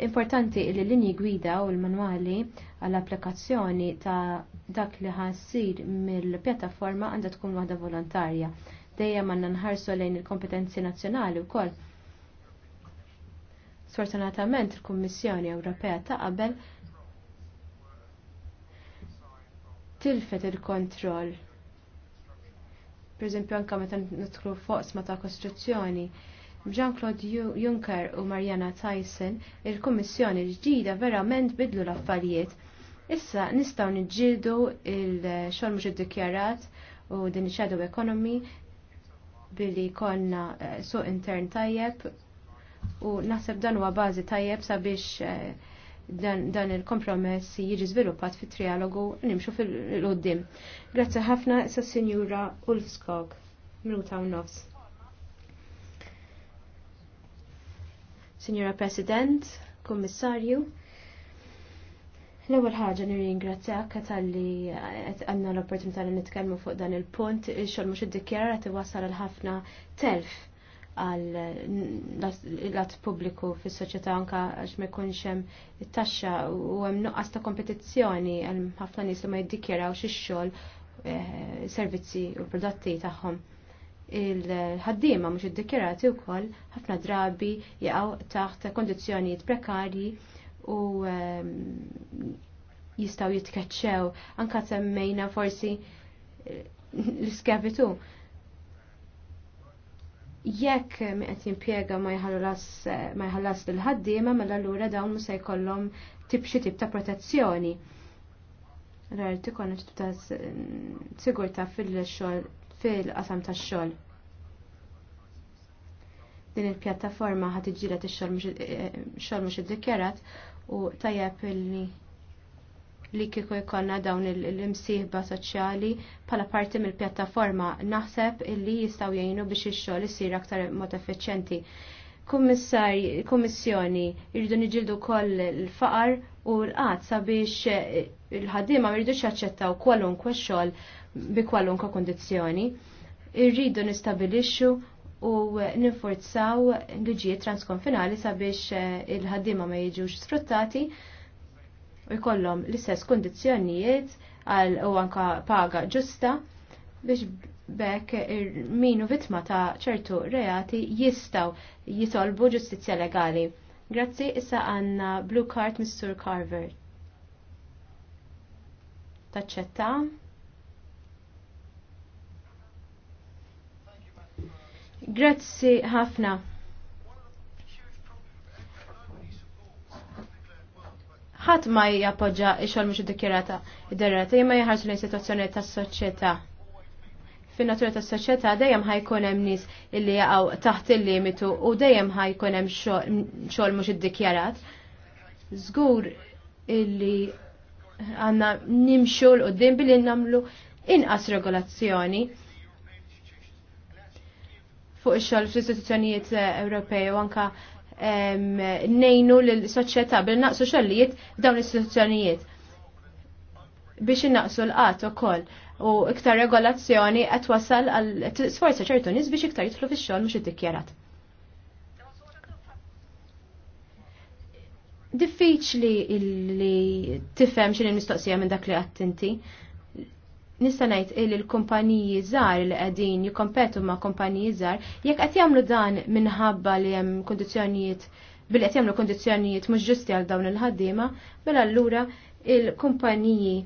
[SPEAKER 2] Importanti li l-linji gwida u l-manwali għall-applikazzjoni ta' dak li ħassir mill-pjattaforma għandha tkun waħda volontarja. Dejjem għandna nħarsu lejn il-kompetenzi nazzjonali wkoll. Sfortunatament il-Kummissjoni Ewropea ta' qabel tilfet il-kontroll per esempio anka meta nidħlu fuq ta' kostruzzjoni. Jean-Claude Juncker u Mariana Tyson, il-Kummissjoni ġdida verament bidlu l-affarijiet. Issa nistgħu niġġieldu il-xogħol mhux iddikjarat u din shadow economy billi konna eh, suq intern tajjeb u naħseb dan huwa bażi tajjeb sabiex eh, dan, dan il-kompromess jiġi żviluppat fit-trialogu nimxu fil-qoddim. Grazzi ħafna sa' Sinjura Ulfskog, minuta u nofs. Sinjura President, Kommissarju, L-ewwel ħaġa nirringrazzjak tal-li għandna l-opportunità li nitkellmu fuq dan il-punt, ix-xogħol mhux iddikjarat iwassal għal ħafna telf għal l-att pubbliku fis soċjetà anka għax ma jkunx hemm it-taxxa u hemm nuqqas ta' kompetizzjoni għal ħafna nies li ma jiddikjarawx ix-xogħol eh, servizzi u prodotti tagħhom. Il-ħaddiema mhux iddikjarati wkoll ħafna drabi jaqgħu taħt kondizzjonijiet prekarji u eh, jistaw jitkeċċew anka semmejna forsi l-iskavitu jekk eh, qed jimpjega ma jħallas eh, lill-ħaddiema mela allura dawn mhux se jkollhom tibxi tip ta' protezzjoni. Rarti konna tip ta' sigurta fil-xogħol fil-qasam tax-xogħol. Din il-pjattaforma ħad iġġiela ix-xogħol eh, mhux iddikjarat u tajjeb illi li kieku jkollna dawn l-imsieħba soċjali bħala parti mill-pjattaforma naħseb illi jistgħu jgħinu biex ix-xogħol isir aktar mod effiċenti. Kummissarji, kummissjoni jridu niġildu koll l-faqar u l-qatt sabiex eh, il-ħaddiema jridux jaċċettaw kwalunkwe xogħol bi kwalunkwe kondizjoni. Irridu nistabilixxu u ninforzaw liġijiet transkonfinali sabiex eh, il-ħaddima ma jiġux sfruttati u jkollhom l-istess kondizzjonijiet għal u anka paga ġusta biex bekk minu vittma ta' ċertu reati jistaw jitolbu ġustizzja legali. Grazzi issa għanna Blue Card Mr. Carver. Taċċetta. Grazzi ħafna. ħadd ma jappoġġa x-xogħol mhux iddikjarata id-derrata ma jħarsu lejn sitwazzjoni tas-soċjetà. Fin-natura tas-soċjetà dejjem ħajkun hemm nies illi jaqgħu taħt il-limitu u dejjem ħajkun hemm xogħol mhux iddikjarat. Żgur illi għandna nimxu l-qudiem billi nagħmlu inqas regolazzjoni fuq ix-xogħol fl-istituzzjonijiet Ewropej u anke nejnu l-soċjetà bil naqsu xogħlijiet f'dawn l-istituzzjonijiet biex innaqsu l-qat ukoll u iktar regolazzjoni qed wasal għal sforza ċertu nies biex iktar jidħlu fix-xogħol mhux iddikjarat. Diffiċli li tifhem x'in mistoqsija minn dak li għattinti. inti nista' ngħid li l-kumpaniji żgħar li qegħdin jikkompetu ma' kumpaniji żgħar jekk qed jagħmlu dan minħabba li hemm kundizzjonijiet billi qed jagħmlu kundizzjonijiet mhux ġusti għal dawn il-ħaddiema, mela allura il-kumpaniji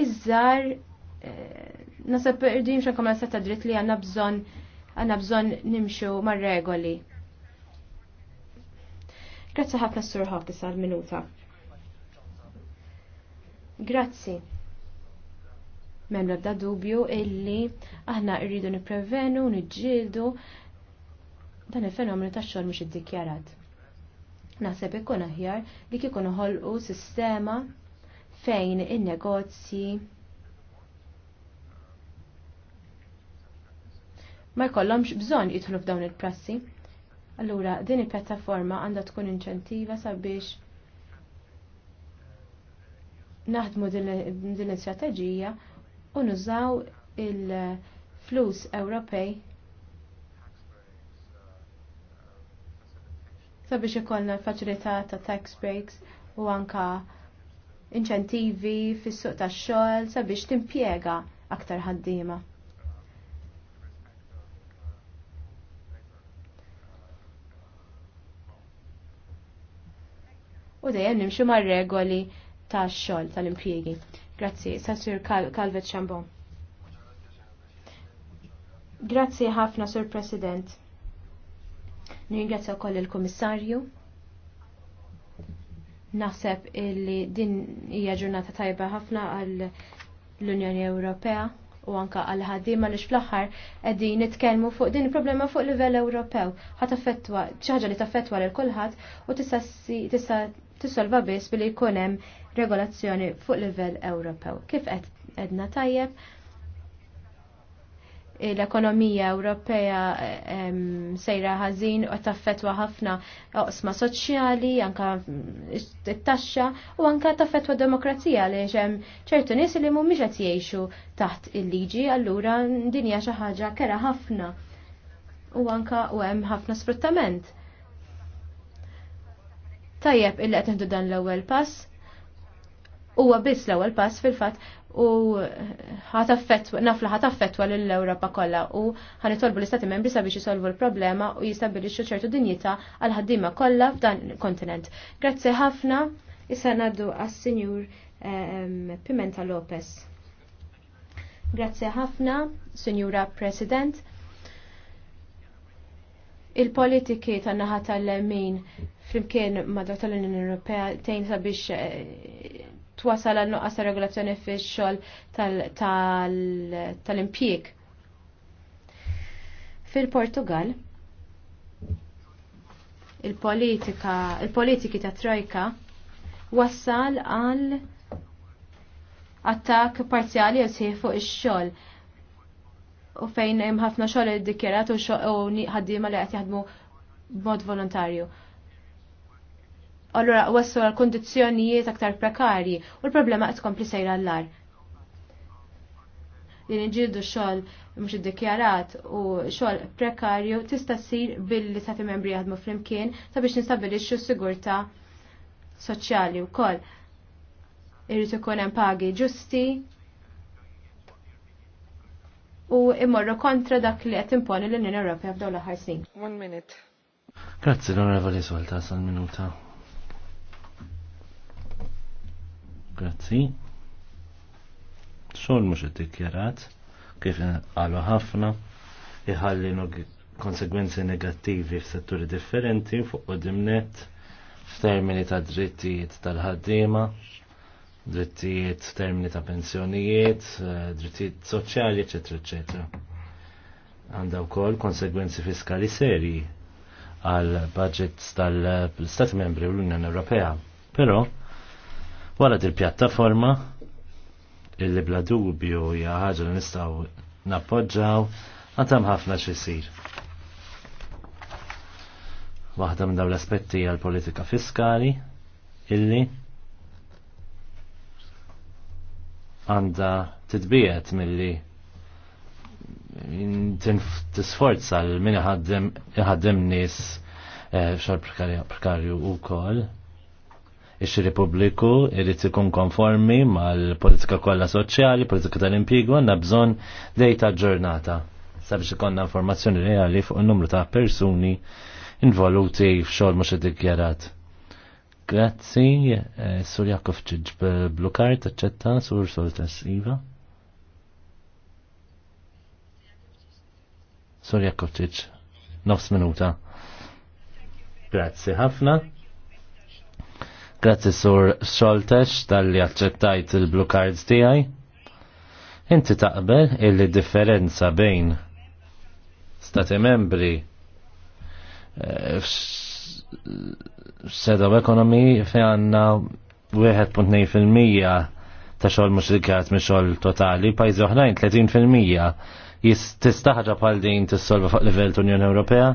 [SPEAKER 2] iż-żgħar eh, nasab irdin xan għal setta dritt li għanna bżon għanna bżon nimxu mar-regoli. Grazzi ħafna s-surħaf minuta Grazzi. Mem rabda dubju illi aħna rridu niprevenu, niġġieldu dan il-fenomenu tax-xogħol mhux iddikjarat. Naħseb ikun aħjar li kieku noħolqu sistema fejn in-negozji ma jkollhomx bżonn jidħlu f'dawn il-prassi. Allura, din il-pjattaforma għandha tkun inċentiva sabiex naħdmu din l-istrateġija u nużaw il-flus Ewropej sabiex ikollna l-faċilità ta' tax breaks u anka inċentivi fis-suq tax-xogħol sabiex timpjega aktar ħaddiema. u dejjem nimxu mar-regoli tax-xogħol tal-impjiegi. Grazzi, sa Sur Calvet Chambon. Grazzi ħafna, Sur President. Nirringrazzja wkoll il-Kummissarju. Naħseb illi din hija ġurnata tajba ħafna għal l-Unjoni Ewropea u anka għal ħaddiema li fl-aħħar qegħdin nitkellmu fuq din il-problema fuq livell Ewropew. Ħa taffettwa xi ħaġa li taffettwa lil kulħadd u tista' tista' tissolva biss billi jkun hemm regolazzjoni fuq livell Ewropew. Kif qed edna tajjeb, l-ekonomija Ewropea sejra ħażin u taffetwa ħafna oqsma soċjali, anka it-taxxa u anka taffetwa demokrazija li hemm ċertu nies li mhumiex qed jgħixu taħt il-liġi, allura din hija xi ħaġa kera ħafna u anka u hemm ħafna sfruttament. Tajjeb illi qed dan l-ewwel pass, huwa biss l-ewwel pass fil-fatt u nafla ħat affettwa lill ewropa kollha u ħanitolbu l-Istati Membri sabiex isolvu l-problema u jistabbilixxu ċertu dinjità għal ħaddiema kollha f'dan il-kontinent. Grazzi ħafna, issa ngħaddu għas-Sinjur ehm, Pimenta Lopez. Grazzi ħafna, Sinjura President. Il-politiki tan-naħa tal-lemin flimkien ma' Dr. tal unjoni Ewropea tgħin sabiex eh, twasal għal nuqqas regolazzjoni fix-xogħol tal-impjieg. Fil-Portugal, il-politika, il-politiki ta' trojka wassal għal attak parzjali jew fuq ix-xogħol u fejn hemm ħafna xogħol iddikjerat u xogħol ħaddiema li qed jaħdmu b'mod volontarju allura wassu għal kondizzjonijiet aktar prekarji u l-problema qed tkompli sejra l-lar. Li nġildu xogħol id iddikjarat u xogħol prekarju tista' ssir billi sa fi membri fl-imkien flimkien sabiex nistabilixxu s-sigurtà soċjali wkoll. koll. ikun hemm pagi ġusti, u immorru kontra dak li qed imponi l-Unjoni Ewropea f'dawla l-aħħar snin. One minute.
[SPEAKER 3] Grazzi l-Onorevoli Solta sal-minuta. Grazzi. Xogħol mhux iddikjarat kif għalu ħafna iħalli konsegwenzi negattivi f'setturi differenti fuq f f'termini ta' drittijiet tal-ħaddiema, drittijiet f'termini ta' pensjonijiet, eh, drittijiet soċjali, eċetera, eċetera. Għandha kol konsegwenzi fiskali serji għal budgets tal-Stati Membri u l-Unjoni Ewropea. Però, Wara dil pjattaforma illi bla dubju hija ħaġa li nistgħu nappoġġaw għatam ħafna xisir. Waħda minn dawn l-aspetti għal politika fiskali illi għanda titbiet milli tisforza l-min iħaddem nis eh, xar prekarju u kol ix-xiri pubbliku irid ikun konformi mal-politika kollha soċjali, politika tal-impjiegu għandna bżonn dejta ġurnata sabiex ikonna informazzjoni reali fuq in-numru ta' persuni involuti f'xogħol mhux iddikjarat. Grazzi, eh, Sur Jakov ċiġb blukart, eccetta, Sur Soltes Iva. Sur Jakov ċiġ, nofs minuta. Grazzi ħafna. Grazzi sur Xoltex tal-li accettajt il-blue cards tijaj. Inti taqbel illi differenza bejn stati membri f'sedaw ekonomi fe għanna 1.2% ta' xogħol mhux rikat mi xogħol totali, pajjiżi oħrajn 30% jististaħġa bħal din tis-solva fuq livell unjoni Ewropea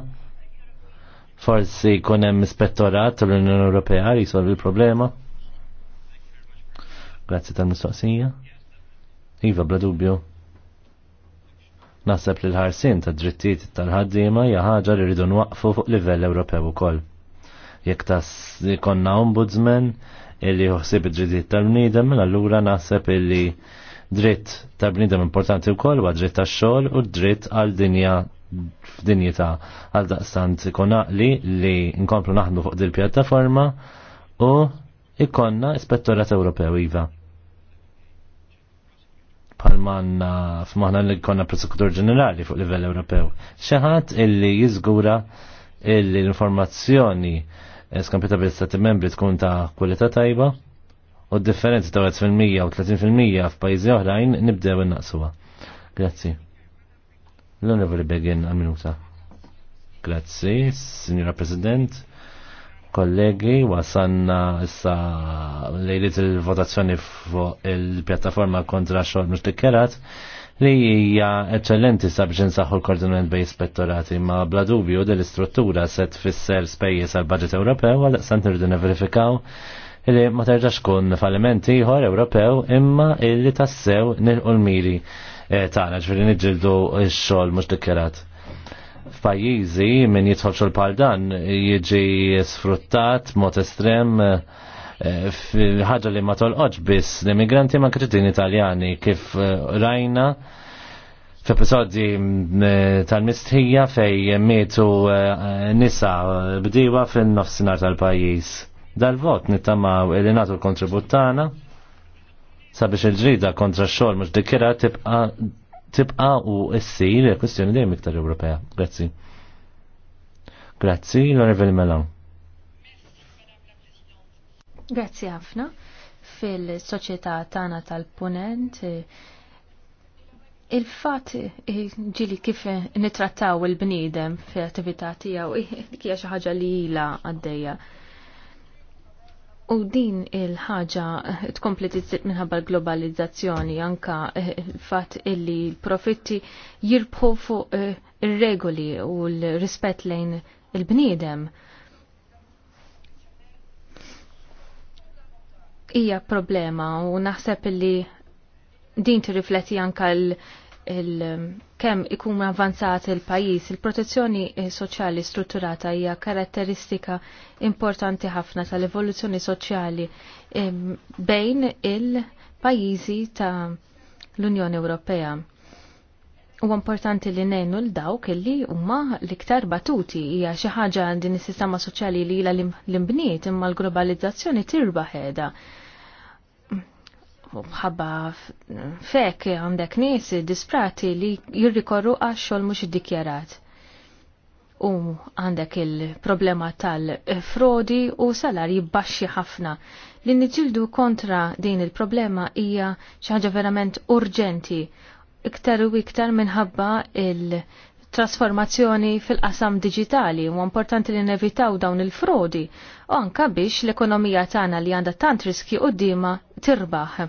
[SPEAKER 3] forsi jkun hemm ispettorat l-Unjoni Ewropea li jsolvi l-problema. Grazzi tal-mistoqsija. Iva, bla dubju. Naħseb li l-ħarsin ta' drittijiet tal-ħaddiema hija ħaġa li rridu nwaqfu fuq livell Ewropew ukoll. Jekk tas ikonna ombudsman illi ħsib id-drittijiet tal-bniedem, allura naħseb illi dritt tal-bniedem importanti wkoll wa dritt tax-xogħol u dritt għal dinja ta' għal daqstant konaqli li nkomplu naħdmu fuq dil pjattaforma u ikonna ispettorat Ewropew iva. Palman f'maħna li konna prosekutur ġenerali fuq livell Ewropew. Xeħat illi jizgura illi l-informazzjoni skompjuta bil stati membri tkun ta' kwalità tajba u d-differenzi ta' 30% u 30% f'pajjiżi oħrajn nibdew innaqsuha. Grazzi. L-Onorevoli Begin għal-minuta. Grazzi, Signora President, kollegi, wasanna issa lejlit il-votazzjoni fuq il-pjattaforma kontra xogħol mhux dikkerat li hija eċċellenti sabiex insaħħu l-koordinament bej ispettorati ma bla dubju din l-istruttura se tfisser spejjeż għal budget Ewropew għal sant irridu neverifikaw li ma terġax kun fallimenti ieħor Ewropew imma illi tassew nilqu l-miri Eh, tana ġifiri nġildu xol xogħol mhux dikjarat. F'pajjiżi min jidħol xogħol bħal dan jiġi sfruttat mod estrem eh, ħaġa li ma tolqoġ biss l-immigranti ma kritin italjani kif eh, rajna f'episodji mm, tal-mistħija fej mietu nisa bdiwa fin-nofsinhar tal-pajjiż. Dal-vot nittamaw li nagħtu l-kontribut tagħna sabiex il-ġrida kontra x-xogħol mhux dikira tibqa' tibqa' u ssir kwestjoni dejjem iktar Ewropea. Grazzi. Grazzi, l-Onorevoli Melon.
[SPEAKER 1] Grazzi ħafna. Fil-soċjetà tagħna tal-Punent Il-fat ġili kif nitrattaw il-bnidem fi attività tiegħu hija xi ħaġa li ilha għaddejja U din il-ħaġa tkompli titsib minħabba l-globalizzazzjoni anka eh, il-fat illi l-profitti jirbħu fuq eh, ir-regoli u l-rispett lejn il-bniedem. Hija problema u naħseb illi din tirrifletti anka l- kemm ikun avvanzat il-pajjiż, il-protezzjoni eh, soċjali strutturata hija karatteristika importanti ħafna tal-evoluzzjoni soċjali bejn il-pajjiżi ta' l-Unjoni Ewropea. U importanti li nejnu l-dawk li huma l-iktar batuti hija xi ħaġa din is-sistema soċjali li l-imbniet imma l-globalizzazzjoni tirbaħ ħeda. U bħabba fek għandek nies disprati li jirrikorru xogħol mhux iddikjarat. U għandek il-problema tal-frodi u salarji baxxi ħafna. Li niġildu kontra din il-problema hija xi ħaġa verament urġenti iktar u iktar minħabba il- trasformazzjoni fil-qasam digitali u importanti li nevitaw dawn il-frodi u anka biex l-ekonomija tagħna li għandha tant riski qudiema tirbaħ.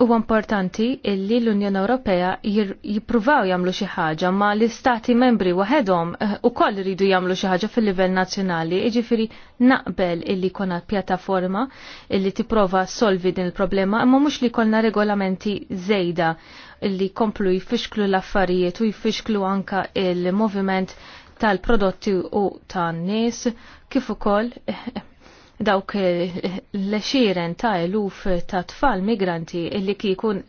[SPEAKER 1] U importanti illi l-Unjoni Ewropea jippruvaw jagħmlu xi ħaġa ma l-istati membri waħedhom eh, ukoll iridu jagħmlu xi ħaġa fil-livell nazzjonali, jiġifieri naqbel illi jkollna pjattaforma illi tipprova solvi din il-problema imma mhux li jkollna regolamenti żejda li komplu jfixklu l-affarijiet u jfixklu anka il-moviment tal-prodotti u tan-nies kif ukoll dawk l-xiren ta' eluf ta' tfal migranti illi kikun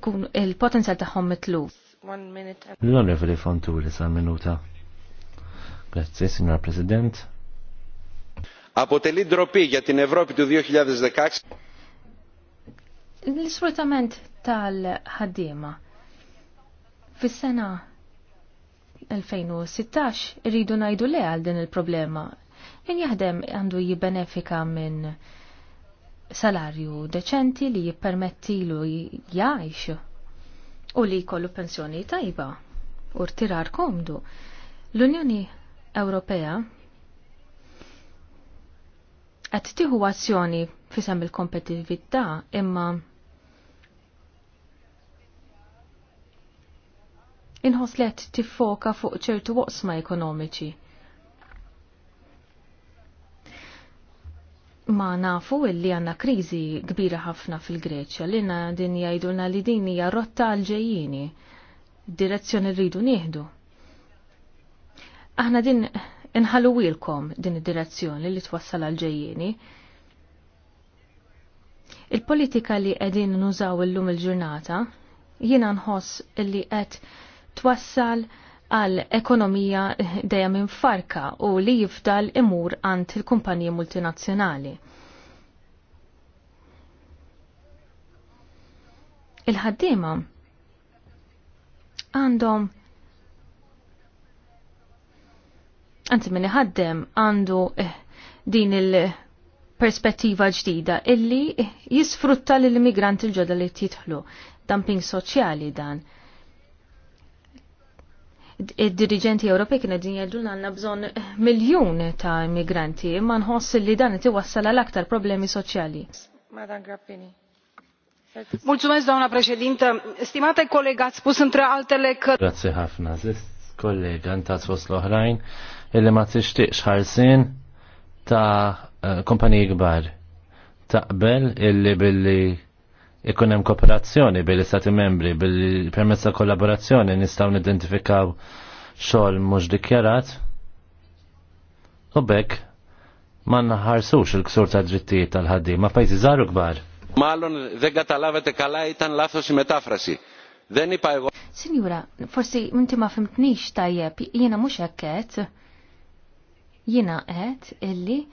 [SPEAKER 1] kun il-potenzjal tagħhom mitlu.
[SPEAKER 3] L-onorevoli Fonturi sa' minuta. Grazie, signor President. Αποτελεί dropi για την Ευρώπη του 2016.
[SPEAKER 1] L-sfruttament tal-ħaddiema. Fis-sena 2016 irridu najdu le għal din il-problema. Min jaħdem għandu jibbenefika minn salarju deċenti li jippermettilu jgħix u li jkollu pensjoni tajba u rtirar komdu. L-Unjoni Ewropea qed tieħu azzjoni fisem il-kompetitività imma inħoslet tiffoka fuq ċertu waqsma ekonomiċi. ma nafu illi għanna krizi kbira ħafna fil-Greċja li na din jajdulna li din hija rotta għal-ġejjini, direzzjoni rridu nieħdu. Aħna din inħallu wilkom din id-direzzjoni li twassal għal-ġejjini. Il-politika li qegħdin nużaw illum il-ġurnata jiena nħoss illi qed twassal għal ekonomija dejjem farka u li jifdal imur għand il-kumpanji multinazzjonali. Il-ħaddiema għandhom Anzi minn ħaddem għandu eh, din il-perspettiva ġdida illi jisfrutta l-immigranti l-ġodda li titħlu. Dumping soċjali dan id-dirigenti Ewropej kien din jgħidulna għandna bżonn miljun ta' immigranti ma nħoss li dan qed iwassal għal aktar problemi soċjali. Madam Grappini. Mulțumesc, doamna președintă. Stimate coleg, ați spus între
[SPEAKER 3] altele că... Grazie, Hafna. Zis, coleg, antați fost l-oħrajn, illi ma tixtiqx ħarsin ta' eh, kompaniji gbar. bel, illi billi ikun hemm kooperazzjoni bil istati membri bil permezz ta' kollaborazzjoni nistgħu nidentifikaw xogħol mhux dikjarat u bekk ma naħarsux il-ksur ta' drittijiet tal-ħaddim ma' pajjiżi żaru kbar. Mallon vega tal καλά kalaj tan η metafrasi. Δεν είπα Sinjura,
[SPEAKER 1] forsi inti ma fimtnix tajjeb, jiena mhux hekk qed. Jiena qed illi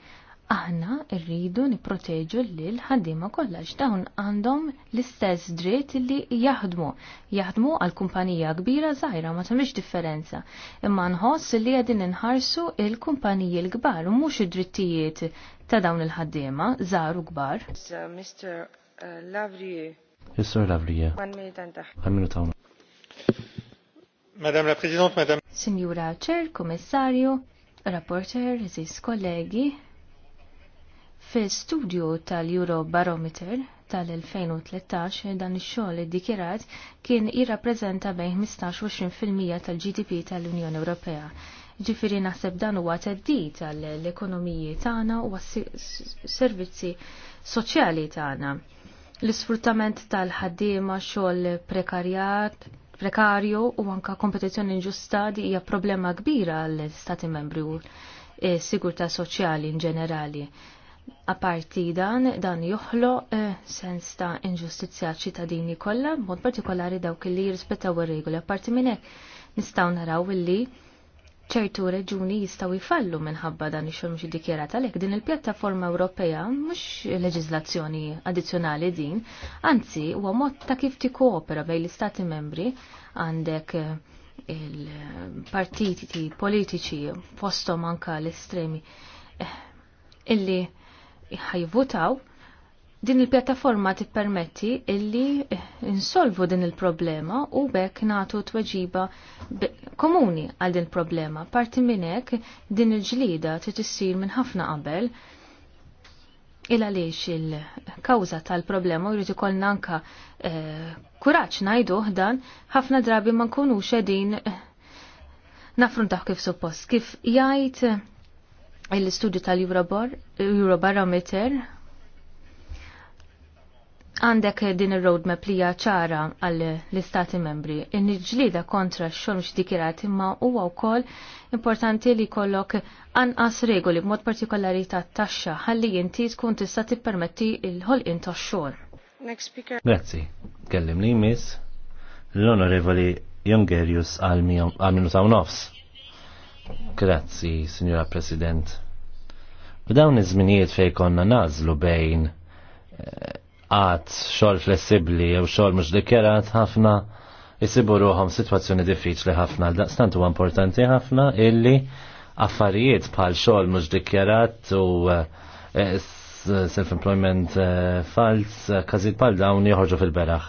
[SPEAKER 1] aħna rridu niproteġu lil ħaddiema kollha x'dawn għandhom l-istess dritt li jaħdmu. Jaħdmu għal kumpanija kbira żgħira ma tagħmilx differenza. Imma nħoss li qegħdin inħarsu il-kumpaniji l-kbar u mhux id-drittijiet ta' dawn il-ħaddiema żgħar u kbar.
[SPEAKER 2] Mr. Uh, Lavrier.
[SPEAKER 3] Mr. Lavrier. Madam
[SPEAKER 1] Madame la Présidente, Madame. Signora Cher, Commissario, Rapporteur, Aziz kollegi, Fi studju tal-Eurobarometer tal-2013 dan ix-xogħol iddikjerat kien jirrappreżenta bejn 15-20% tal-GDP tal-Unjoni Ewropea. Ġifieri naħseb dan huwa teddid tal-ekonomiji tagħna u s-servizzi soċjali tagħna. L-isfruttament tal-ħaddiema xogħol prekarjat, prekarju u anka kompetizzjoni inġusta di hija problema kbira għall stati membri u s sigurtà soċjali in ġenerali Aparti dan, dan joħlo eh, sens ta' inġustizzja ċittadini kollha, mod partikolari dawk li jirrispettaw ir-regoli. Apparti minn hekk nistgħu naraw illi ċertu reġuni jistaw jfallu minħabba dan ix xi mhux għalhekk din il-pjattaforma Ewropea mhux leġiżlazzjoni addizzjonali din, anzi huwa mod ta' kif tikkoopera bejn l-istati membri għandek eh, il-partiti politiċi fosthom anka l-estremi eh, illi ħajvutaw, din il-pjattaforma tippermetti illi insolvu din il-problema u bekk natu tweġiba komuni għal din il-problema. Parti minn hekk din il-ġlida trid issir minn ħafna qabel il għaliex il-kawza tal-problema u jrid ikollna anka eh, kuraġġ najdu dan ħafna drabi ma nkunux eh, nafrun taħ kif suppost, kif jajt l-istudju tal-Eurobarometer għandek din il-roadmap li ċara għall l-istati membri. Il-ġlida kontra xol mux dikirat imma huwa wkoll importanti li kollok anqas regoli b'mod partikolari ta' taxxa ħalli inti tkun tista' tippermetti il-ħolqin tax-xogħol.
[SPEAKER 2] Grazzi.
[SPEAKER 3] Kellim li miss l-onorevoli Jungerius għal minu ta' nofs. Grazzi, Signora President. F'dawn iż-żminijiet fejn konna nażlu bejn eh, għad xogħol flessibbli jew xogħol mhux dikjerat ħafna jisibu ruħom situazzjoni diffiċli ħafna l daqstant huwa importanti ħafna illi affarijiet bħal xogħol mhux dikjarat u eh, eh, self-employment fals każijiet bħal dawn joħorġu fil-beraħ.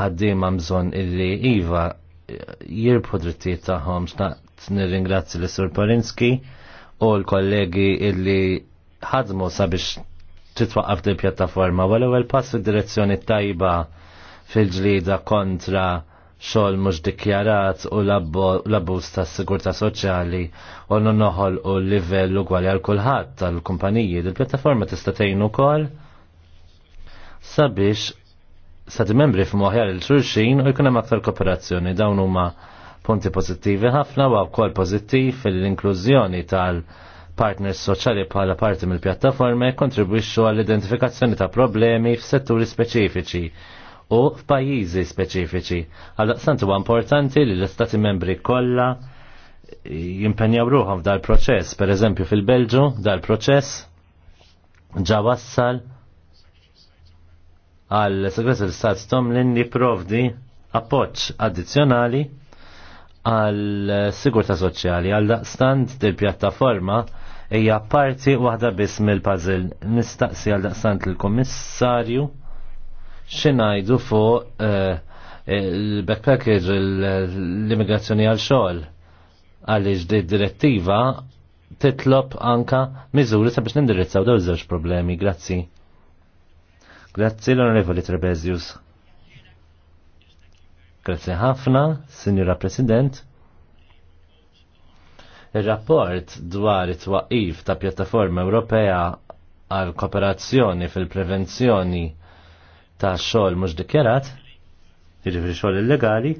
[SPEAKER 3] Ħaddiema bżonn illi iva jirbħu drittijiet tagħhom x'naqt nirringrazzi l-Sur Polinski u l-kollegi illi ħadmu sabiex titwaqqaf di pjattaforma u l-ewwel pass fid-direzzjoni tajba fil-ġlida kontra xogħol mhux dikjarat u l-abbuż tas-sigurtà soċjali u noħol u l-livell ugwali għal kulħadd tal-kumpaniji. Il-pjattaforma tista' tgħin ukoll sabiex sa' membri f'moħjar il-xulxin u jkun hemm aktar kooperazzjoni dawn huma punti pozittivi ħafna u wkoll pozittiv fil-inklużjoni tal-partners soċjali bħala parti mill-pjattaforma kontribwixxu għall-identifikazzjoni ta' problemi f'setturi speċifiċi u f'pajjiżi speċifiċi. għal daqsant huwa importanti li l-Istati membri kollha jimpenjaw ruħom f'dal proċess per eżempju fil-Belġu, dal proċess ġa wassal għal segretar stat Tomlin li provdi appoċ addizjonali għal sigurta soċjali għal daqstant il-pjattaforma hija parti waħda biss mill-puzzle. Nistaqsi għal daqstant il komissarju xinajdu fuq eh, il-backpackage l-immigrazzjoni għal xogħol għaliex di direttiva titlob anka miżuri sabiex nindirizzaw daw żewġ problemi. Grazzi. Grazzi l-Onorevoli Trebezius. Grazie ħafna, Sinjura President. Il-rapport dwar it-twaqif ta' pjattaforma Ewropea għal kooperazzjoni fil-prevenzjoni ta' xogħol mhux dikjarat, jiġifieri xogħol illegali,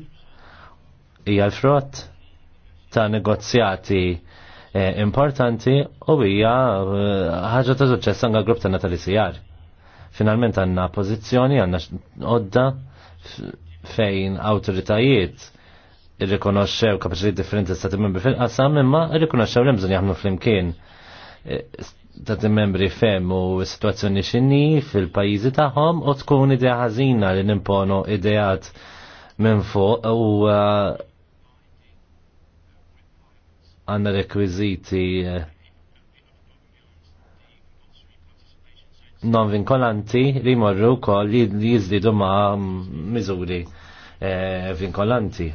[SPEAKER 3] hija l-frott ta' negozjati e, importanti u hija eh, ħaġa ta' suċċess anke grupp ta' natalisjar. Finalment għandna pożizzjoni, għandna għodda fejn autoritajiet irrikonoxxew kapaċi differenti stati membri fil-qasam imma irrikonoxxew li bżonn jaħdmu flimkien. E, stati membri femmu s-sitwazzjoni xinni fil-pajjiżi tagħhom u tkun idea ħażina li nimponu ideat minn fuq u għandna rekwiżiti uh, eh, non vinkolanti li jmorru wkoll li jiżdiedu ma' miżuri eh, vinkolanti.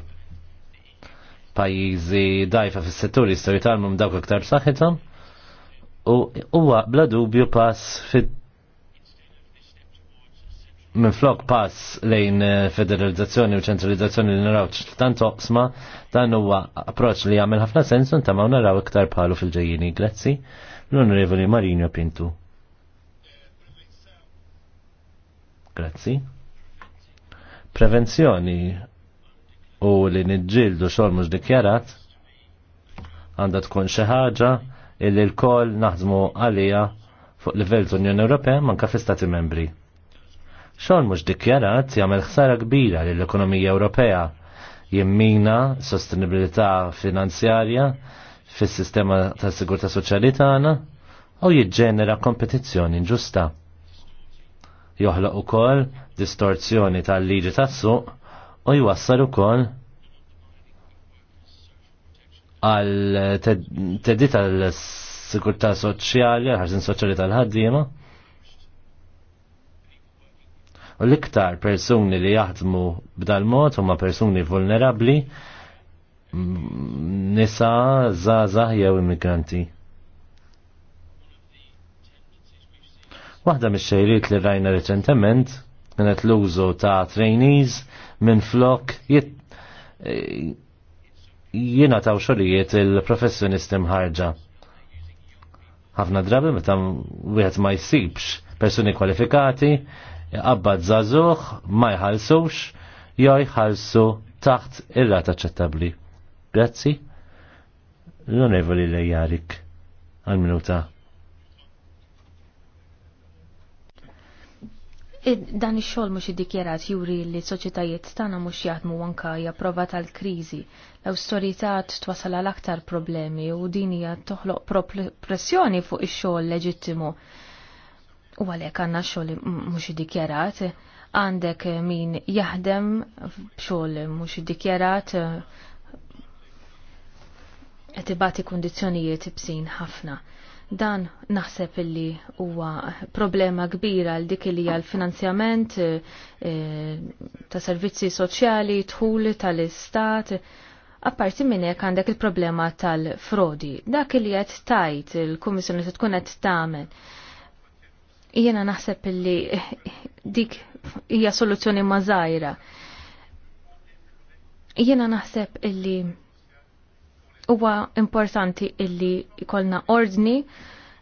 [SPEAKER 3] Pajjiżi dajfa fis setturi jistgħu jitalmu dawk iktar saħitom u huwa bla dubju pass fit minn flok pass lejn eh, federalizzazzjoni u ċentralizzazzjoni li naraw tant oqsma dan huwa approċ li jagħmel ħafna sens u naraw iktar palu fil-ġejjini. Grazzi. L-Onorevoli Marino Pintu. Grazzi. Prevenzjoni u li nidġildu xol mux dikjarat għanda tkun xi ħaġa illi l-kol naħdmu għalija fuq livell Unjoni Ewropea manka fl-Stati membri. Xogħol mhux dikjarat jagħmel ħsara kbira lill ekonomija Ewropea jimmina sostenibilità finanzjarja fis-sistema tas-sigurtà soċjali tagħna u jiġġenera kompetizzjoni inġusta joħloq ukoll distorzjoni tal-liġi tas-suq u jwassal ukoll għal teddi tal sikurta soċjali, għal-ħarsin soċjali tal-ħaddiema. U l-iktar persuni li jaħdmu b'dal-mod huma persuni vulnerabli, nisa, zaza, jew immigranti. Waħda mis xejrit li rajna reċentement kienet l-użu ta' trainees minn flok jiena ta' xorijiet il-professjonisti mħarġa. Ħafna drabi meta wieħed ma jsibx persuni kwalifikati, qabbad żagħżugħ ma jħallsux jew jħallsu taħt ir-rata aċċettabbli. Grazzi. L-onorevoli Lejjarik għal-minuta.
[SPEAKER 1] Dan ix-xogħol mhux iddikjerat juri li soċjetajiet tagħna mhux jaħdmu anka hija prova tal-kriżi. l awstoritat twasal għal aktar problemi u din hija toħloq pressjoni fuq ix-xogħol leġittimu. U għalhekk għandna xogħol mhux iddikjerat, għandek eh, min jaħdem xogħol mhux iddikjerat eh, qed ibati kundizzjonijiet bsin ħafna Dan naħseb illi huwa problema kbira għal dik li għal finanzjament e, ta' servizzi soċjali, tħul tal-istat, Apparti minn hekk għandek il-problema tal-frodi. Dak li qed tajt il-Kummissjoni se tkun qed tagħmel. Jiena naħseb li dik hija soluzzjoni mażajra. Jiena naħseb illi Huwa importanti illi jkollna ordni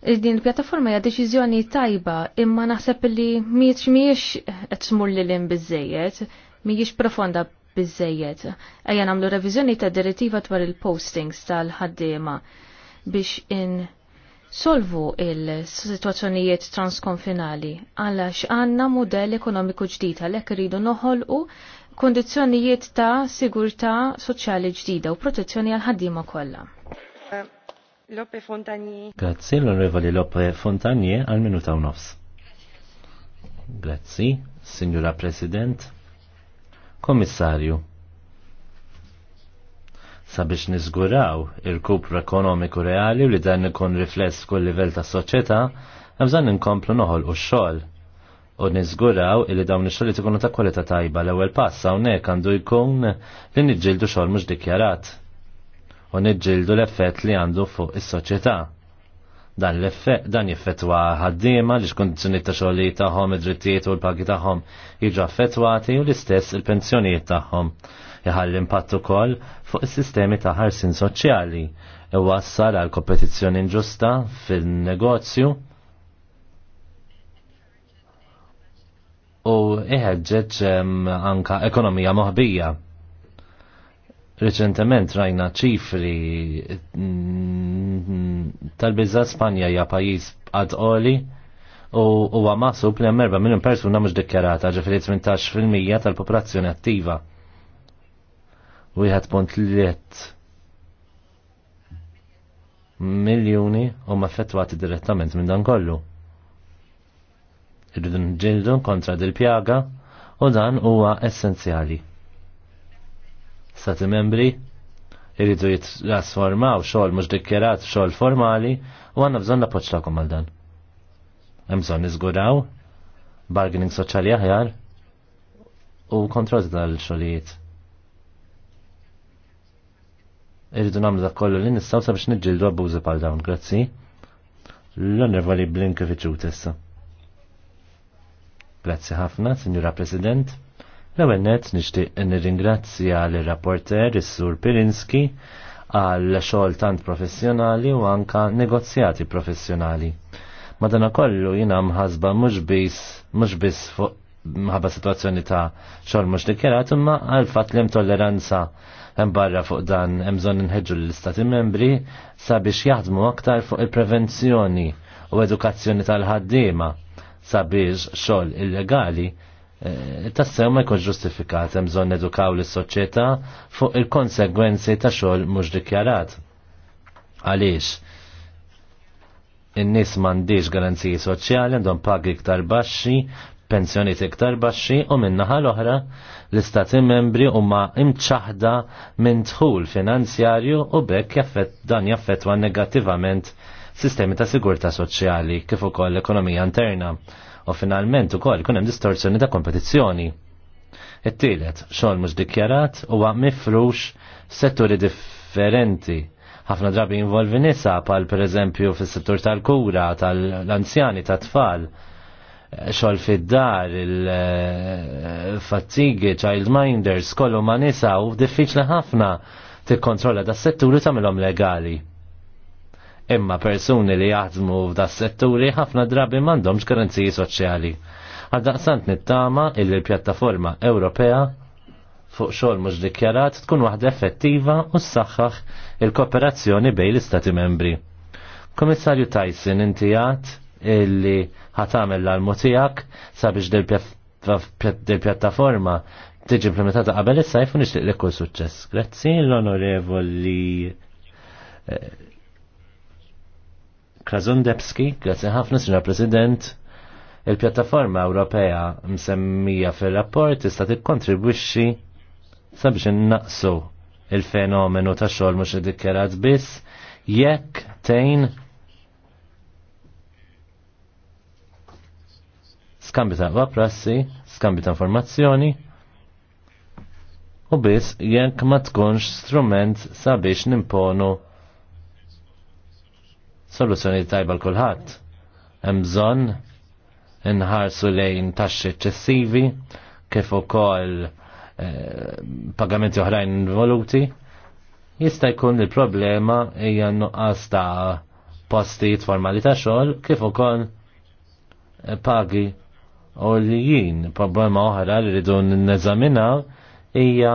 [SPEAKER 1] din il-pjattaforma hija deċiżjoni tajba imma naħseb li miex miex qed tmur lil hemm biżejjed, mhijiex profonda biżejjed. Ejja nagħmlu reviżjoni ta' direttiva dwar il-postings tal-ħaddiema biex in solvu il-situazzjonijiet transkonfinali għalax għanna modell ekonomiku ġdid għalhekk iridu noħolqu kondizzjonijiet ta' sigurtà soċjali ġdida u protezzjoni għal ħaddiema kollha.
[SPEAKER 2] Lope Fontanier.
[SPEAKER 3] Grazzi, l-onorevoli Lope Fontanier, għal minuta u nofs. Grazzi, Signora President, Komissarju. Sabiex nizguraw il-kupru ekonomiku reali u li dan ikun rifless f'kull livell ta' soċjetà, għabżan inkomplu noħol u xogħol u nizguraw illi dawn ix-xogħol ikunu ta' kwalità tajba l-ewwel pass hawnhekk għandu jkun li niġġieldu xogħol mhux dikjarat u niġġieldu l-effett li għandu fuq is-soċjetà. Dan l-effett dan jiffettwa ħaddiema li x'kundizzjonijiet ta' xogħol tagħhom id-drittijiet u l-pagi tagħhom jiġu affettwati u l-istess il-pensjonijiet tagħhom. jħall impatt ukoll fuq is-sistemi ta' ħarsin soċjali iwassal għal kompetizzjoni inġusta fil-negozju u iħedġeġ anka ekonomija moħbija. Reċentement rajna ċifri mm, tal-bizza Spanja hija pajjiż għad oli u huwa maħsub li hemm erba' minn persuna mhux dikjarata ġifri 18% tal-popolazzjoni attiva. Wieħed punt liet miljuni huma affettwati direttament minn dan kollu irridu nġildu kontra dil-pjaga u dan huwa essenzjali. Stati membri irridu jitrasformaw xogħol mhux dikkjerat xogħol formali u għandna bżonn l għal dan. Hemm bżonn niżguraw bargaining soċjali aħjar u kontroll tal-xogħlijiet. Irridu nagħmlu dak kollu li nistgħu sabiex niġġieldu abbużi bħal dawn, grazzi. L-onorevoli Blinkeviċu tessa. Grazzi ħafna, Sinjura President. L-ewwel nett nixtieq nirringrazzja lir rapporter is-Sur Pirinski għal xogħol tant professjonali u anka negozjati professjonali. Madanakollu jiena mħasba mhux biss mhux biss fuq ħabba situazzjoni ta' xogħol mhux dikjerat imma għal fatt li hemm tolleranza hemm barra fuq dan hemm bżonn inħeġġu l-istati membri sabiex jaħdmu aktar fuq il-prevenzjoni u edukazzjoni tal-ħaddiema sabiex xogħol illegali eh, tassew ma jkunx ġustifikat hemm bżonn edukaw l soċjetà fuq il-konsegwenzi ta' xogħol mhux dikjarat. Għaliex? In-nies m'għandix garanziji soċjali għandhom pagi iktar baxxi, pensjoniet iktar baxxi u minnaħa l-oħra l-istati membri huma imċaħda minn dħul finanzjarju u bekk dan jaffettwa negattivament sistemi ta' sigurta soċjali kif ukoll l-ekonomija interna u finalment ukoll kunem hemm distorsjoni ta' kompetizzjoni. It-tielet xogħol mhux dikjarat huwa mifrux setturi differenti ħafna drabi involvi nisa pal per eżempju fis-settur tal-kura, tal-anzjani, tat-tfal, xol fid-dar, il-fattigi, minders, kollu ma nisa u diffiċli ħafna tikkontrolla da' s-setturi tagħmilhom legali. Imma persuni li jaħdmu f'das setturi ħafna drabi m'għandhomx garanziji soċjali. Għaddaqsant nittama illi l-pjattaforma Ewropea fuq xogħol mhux dikjarat tkun waħda effettiva u ssaħħaħ il-kooperazzjoni bejn l-Istati membri. Komissarju Tyson inti għat illi ħatamel l-almu tiegħek sabiex del-pjattaforma tiġi implementata qabel is-sajf u nixtieq lek kull suċċess. Grazzi l-onorevoli eh, Krasundebski, grazie ħafna, Sra. President, il-pjattaforma Ewropea msemmija fil-rapport tista' tikkontribwixxi sabiex innaqsu il-fenomenu ta' xogħol mhux iddikjarat biss jekk tejn skambju ta' prassi, skambju ta' informazzjoni u biss jekk ma tkunx strument sabiex nimponu soluzzjoni tajba l-kulħadd. Hemm bżonn inħarsu lejn taxxi eċċessivi kif ukoll eh, pagamenti oħrajn involuti. Jista' jkun il-problema hija nuqqas ta' postijiet formali ta' xogħol kif ukoll eh, pagi u li jien problema oħra li rridu n-neżaminaw hija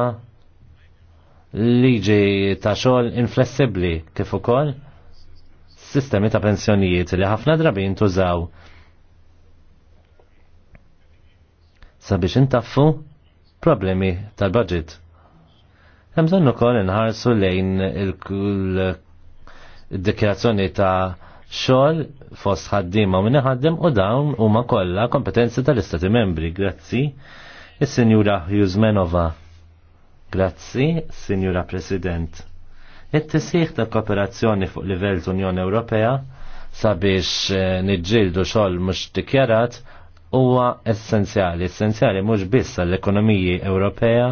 [SPEAKER 3] liġi ta' xogħol inflessibbli kif ukoll sistemi ta' pensjonijiet li ħafna drabin tużaw. sabiex intaffu problemi tal-budget. Hemm bżonn ukoll inħarsu lejn il dikjerazzjoni ta' xogħol fost ħaddiema u min ħaddim u dawn huma kollha kompetenzi tal-Istati Membri. Grazzi. Is-Sinjura Juzmenova. Grazzi, Sinjura President. It-tisħiħ ta' kooperazzjoni fuq livell Unjoni Ewropea sabiex eh, niġġieldu xogħol mhux dikjarat huwa essenzjali, essenzjali mhux biss għall-ekonomiji Ewropea,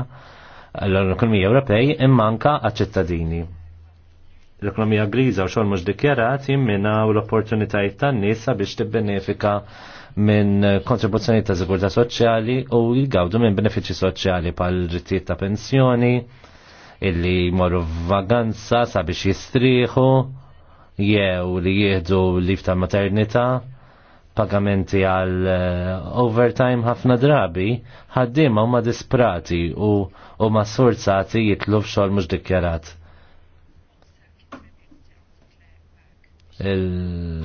[SPEAKER 3] l-ekonomija Ewropej immanka għaċ-ċittadini. L-ekonomija griża u xogħol mhux dikjarat u l-opportunitajiet tan-nies sabiex tibbenefika minn kontribuzzjoni ta' sigurtà soċjali u jgawdu minn benefiċċji soċjali pal rittijiet ta' pensjoni, illi jmorru vaganza sabiex jistrieħu jew li jieħdu lif ta' maternità pagamenti għal eh, overtime ħafna drabi ħaddiema huma disprati u huma sforzati jitlu f'xogħol mhux dikjarat. il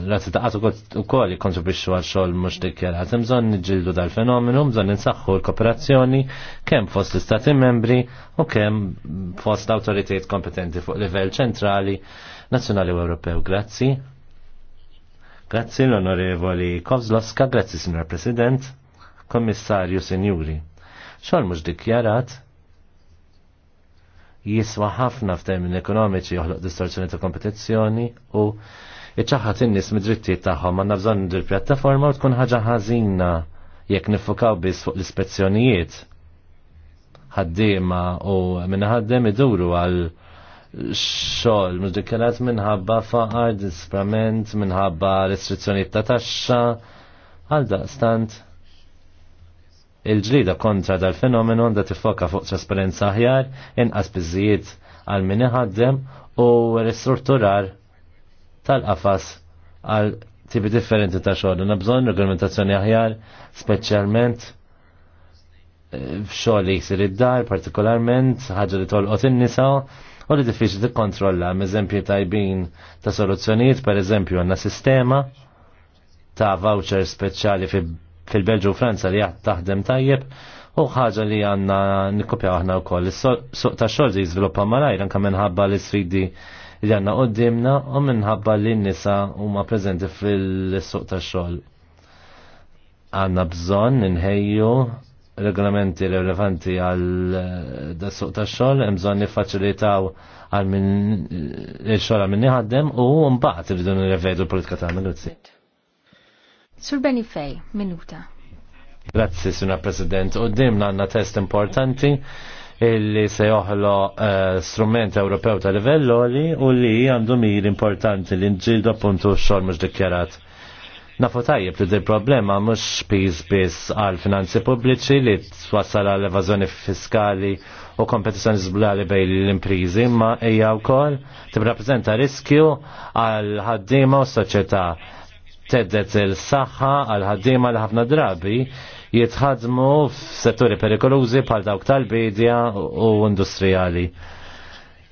[SPEAKER 3] l-għazidaqat u koll jikontribuċu għal xol mux dikjarat. Mżon nġildu dal-fenomenu, mżon ninsaxħu l-kooperazzjoni kem fost l-istati membri u kem fost l-autoritet kompetenti fuq livell ċentrali, nazjonali u Ewropew. Grazzi. Grazzi l-onorevoli Kovzloska, grazzi signor President, Komissarju Sinjuri. Xol mux dikjarat. jiswa ħafna f'termini ekonomiċi joħloq distorsjoni ta' kompetizzjoni u iċaħat in-nies mid-drittijiet tagħhom għandna bżonn il-pjattaforma u tkun ħaġa ħażina jekk nifukaw biss fuq l-ispezzjonijiet ħaddiema u minna ħaddem iduru għal xogħol mudikkelat minħabba faqar, disprament, minħabba restrizzjonijiet ta' taxxa, għal daqstant il-ġlida kontra dal-fenomenu għandha tifoka fuq trasparenza aħjar, inqas biżijiet għal min iħaddem u ristrutturar tal-qafas għal tipi differenti ta' xogħol. Na bżonn regolamentazzjoni aħjar, speċjalment eh, f'xogħol li jsir id-dar, partikolarment ħaġa li tolqot in-nisa u li diffiċli tikkontrolla m'eżempji tajbin ta' soluzzjonijiet, per eżempju għandna sistema ta' voucher speċjali fil-Belġu u Franza li għad taħdem tajjeb u ħaġa li għanna nikkopjaw aħna u koll. Suq ta' xorġi jizviluppa malajr anka minħabba l-sfidi li għanna dimna u minħabba li n-nisa huma preżenti fil-suq tax-xogħol. Għanna bżonn inħejju regolamenti relevanti għal eh, da suq tax-xogħol, hemm bżonn niffaċilitaw għal minn eh, il-xogħol minn ħaddem u mbagħad irridu nirrevedu l-politika ta' Grazzi.
[SPEAKER 1] Sur Benifej, minuta.
[SPEAKER 3] Grazzi, Sina President. U dimna għanna test importanti illi se joħlo uh, strument Ewropew ta' livello li u li għandu mir importanti li nġildu appuntu xor mux dikjarat. Nafu tajjeb li di problema mux piż biss għal finanzi pubbliċi li twassal għal evażjoni fiskali u kompetizjoni zblali bej l-imprizi, ma eja u kol t riskju għal ħaddima u soċieta teddet il-saħħa għal ħaddima l-ħafna drabi jitħadmu f'setturi perikolużi bħal dawk tal-bidja u industrijali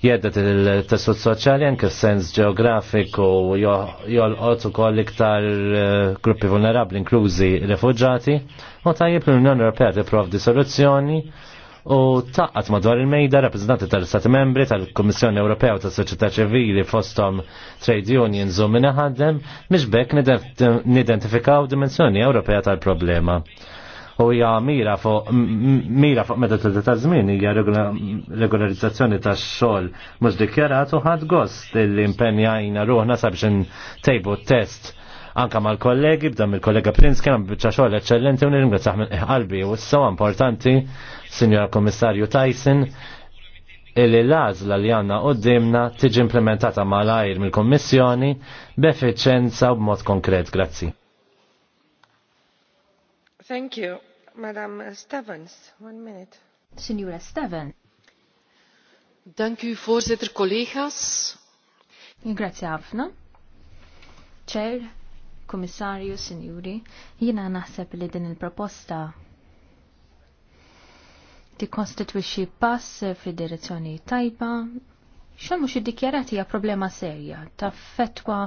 [SPEAKER 3] jeddet il-tessut soċjali anke sens ġeografiku jolqot ukoll iktar eh, gruppi vulnerabbli inklużi refuġati u tajib l-Unjoni Ewropea tipprovdi soluzzjoni u taqqat madwar il-mejda rappresentanti tal-Stati membri tal-Kommissjoni Ewropea u tas-soċjetà ċivili fosthom trade unions u minn ħaddem biex bekk nidentifikaw dimensjoni Ewropea tal-problema u hija mira fuq mira fuq meta tilda ta' żmien hija regolarizzazzjoni ta' xogħol mhux dikjarat u ħadd gost li impenjajna ruħna sabiex tejbu test anka mal-kollegi, b'dam il-kollega Prinz kien biċċa xogħol eċċellenti u nirringrazzah minn qalbi u s-sew importanti, Signora Kommissarju Tyson, illi l-għazla li għanna d-dimna tiġi implementata mal-ajr mill-Kommissjoni b'efficienza u b'mod konkret. Grazzi
[SPEAKER 1] voorzitter, collega's. ingrazia ħafna. Ċer, komissarju, sinjuri, jiena naħseb li din il-proposta ti konstituixi pass fid direzzjoni tajba, xemmu xi id hija problema serja ta' fetwa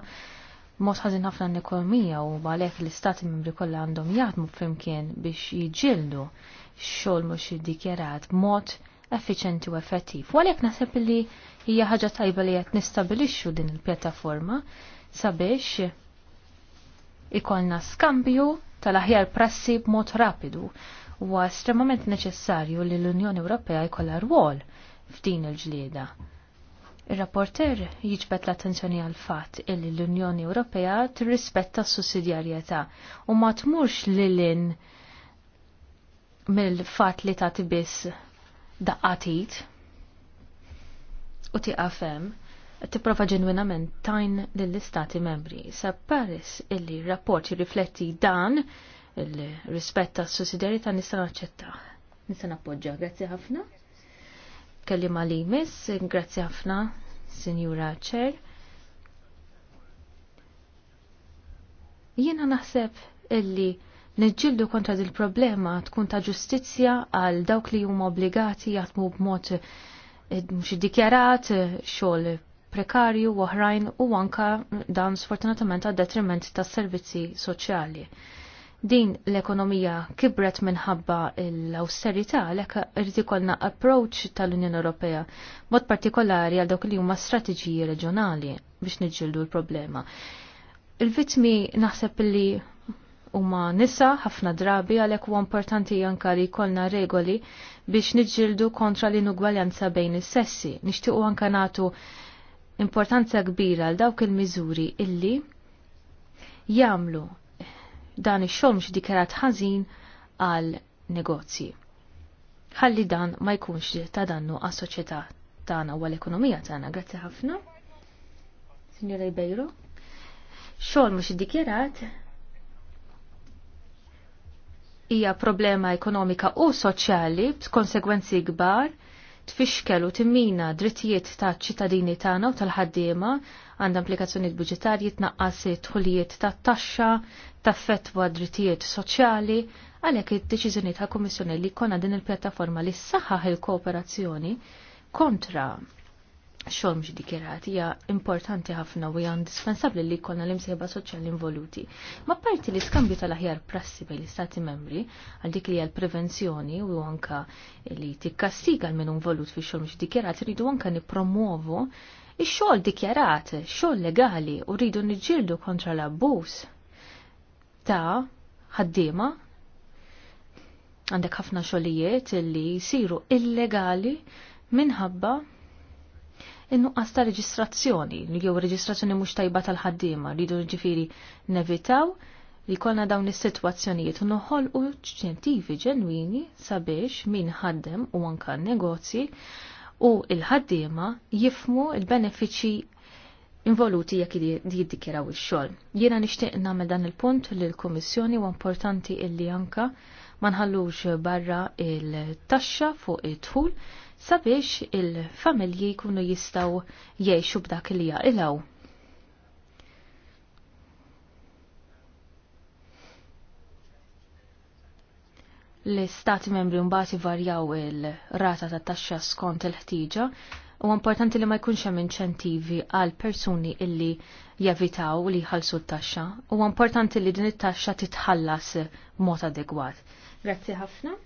[SPEAKER 1] mod ħażin ħafna n ekonomija u għalhekk l-istati membri kollha għandhom jaħdmu flimkien biex jiġġieldu x-xogħol mhux iddikjarat b'mod effiċenti u effettiv. U għalhekk naħseb li hija ħaġa tajba li qed nistabilixxu din il-pjattaforma sabiex ikolna skambju tal-aħjar prassi b'mod rapidu u estremament neċessarju li l-Unjoni Ewropea jkollha rwol f'din il-ġlieda Il-rapporter jiġbet l-attenzjoni għal fatt illi l-Unjoni Ewropea tirrispetta s-sussidjarjetà u ma tmurx lilin mill-fatt li tagħti biss daqqatit u tiqafem tipprova ġenwinament tajn lill-istati membri. Sa paris illi rapport jirrifletti dan il-rispetta s-sussidjarjetà nista' naċċettaħ. Nista' nappoġġa. Grazzi ħafna. Kellima li miss, grazzi ħafna, Sinjura Ċer. Jiena naħseb illi Nġildu kontra dil problema tkun ta' ġustizzja għal dawk li huma obbligati jaħdmu b'mod eh, mhux dikjarat xogħol prekarju u oħrajn u anka dan sfortunatament għad detriment tas servizzi soċjali din l-ekonomija kibret minħabba l-austerità l-ek ikollna approach tal-Unjoni Ewropea mod partikolari għal dawk li huma strateġiji reġjonali biex niġġieldu l-problema. Il-vitmi naħseb li huma nisa ħafna drabi għalhekk huwa importanti anke li jkollna regoli biex niġġieldu kontra l-inugwaljanza bejn is-sessi. Nixtiequ anke nagħtu importanza kbira għal dawk il-miżuri illi jagħmlu dan ix-xogħol mhux ħażin għal negozji. Ħalli dan ma jkunx ta' dannu għas soċjetà tagħna u għall-ekonomija tagħna. Grazzi ħafna. Signora Ibejro. Xogħol mhux iddikjerat. hija problema ekonomika u soċjali b'konsegwenzi kbar tfixkel u timmina drittijiet ta' ċittadini tagħna u tal-ħaddiema għandha implikazzjonijiet budġetarji tnaqqas tħulijiet ta' taxxa, ta' fetwa drittijiet soċjali, għalhekk id-deċiżjoni ta' Kummissjoni li jkollna din il-pjattaforma li saħħaħ il-kooperazzjoni kontra xogħol mhux hija importanti ħafna u hija indispensabbli li jkollna l msejba soċjali involuti. Ma parti li skambju tal-aħjar prassi bejn l-istati membri għal dik li hija l-prevenzjoni u anka li tikkastiga l-min involut fi xogħol mhux dikjerat rridu anka nippromuovu ix-xogħol dikjarat, xogħol legali u rridu niġġieldu kontra l-abbuż ta' ħaddiema għandek ħafna xogħlijiet li jsiru illegali minħabba in-nuqqas ta' reġistrazzjoni, jew reġistrazzjoni mhux tajba tal-ħaddiema, rridu ġifiri nevitaw li kolna dawn is-sitwazzjonijiet u noħolqu ċentivi ġenwini sabiex min ħaddem u anka negozji u il-ħaddiema jifmu il-benefiċċji involuti jekk jiddikjeraw ix-xogħol. Jiena nixtieq nagħmel dan il-punt l kummissjoni u importanti illi anka ma nħallux barra il-taxxa fuq it-tħul sabiex il-familji jkunu jistaw jiexu b'dak li jaqilaw. L-istati membri mbagħad varjaw il-rata ta' taxxa skont il-ħtiġa u importanti li ma jkunx hemm inċentivi għal persuni illi jevitaw li jħallsu t-taxxa u importanti li din it-taxxa titħallas b'mod adegwat. Grazzi ħafna.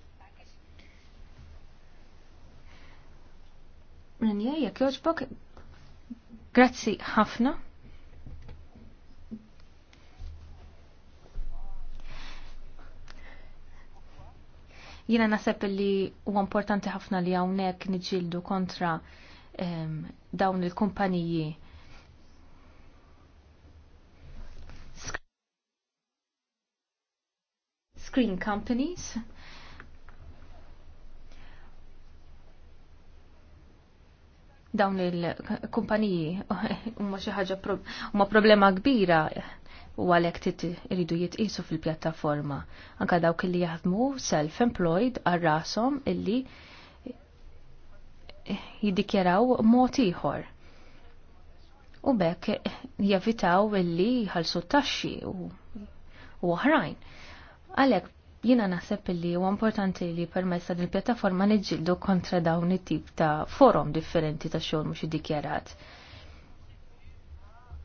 [SPEAKER 1] Renje, jek joġbok, grazzi ħafna. Jina nasab li u importanti ħafna li għawnek nġildu kontra um, dawn il-kumpaniji screen companies dawn il-kumpaniji huma xi ħaġa huma problema kbira u għalhekk iridu jitqisu fil-pjattaforma. Anka dawk li jaħdmu self-employed għal rashom illi jiddikjaraw mod ieħor. U bekk jevitaw illi ħalsu taxxi u oħrajn. Għalhekk Jina naħseb li huwa importanti li permessa din il-pjattaforma niġġieldu kontra dawn it-tip ta' forum differenti ta' xogħol mhux iddikjarat.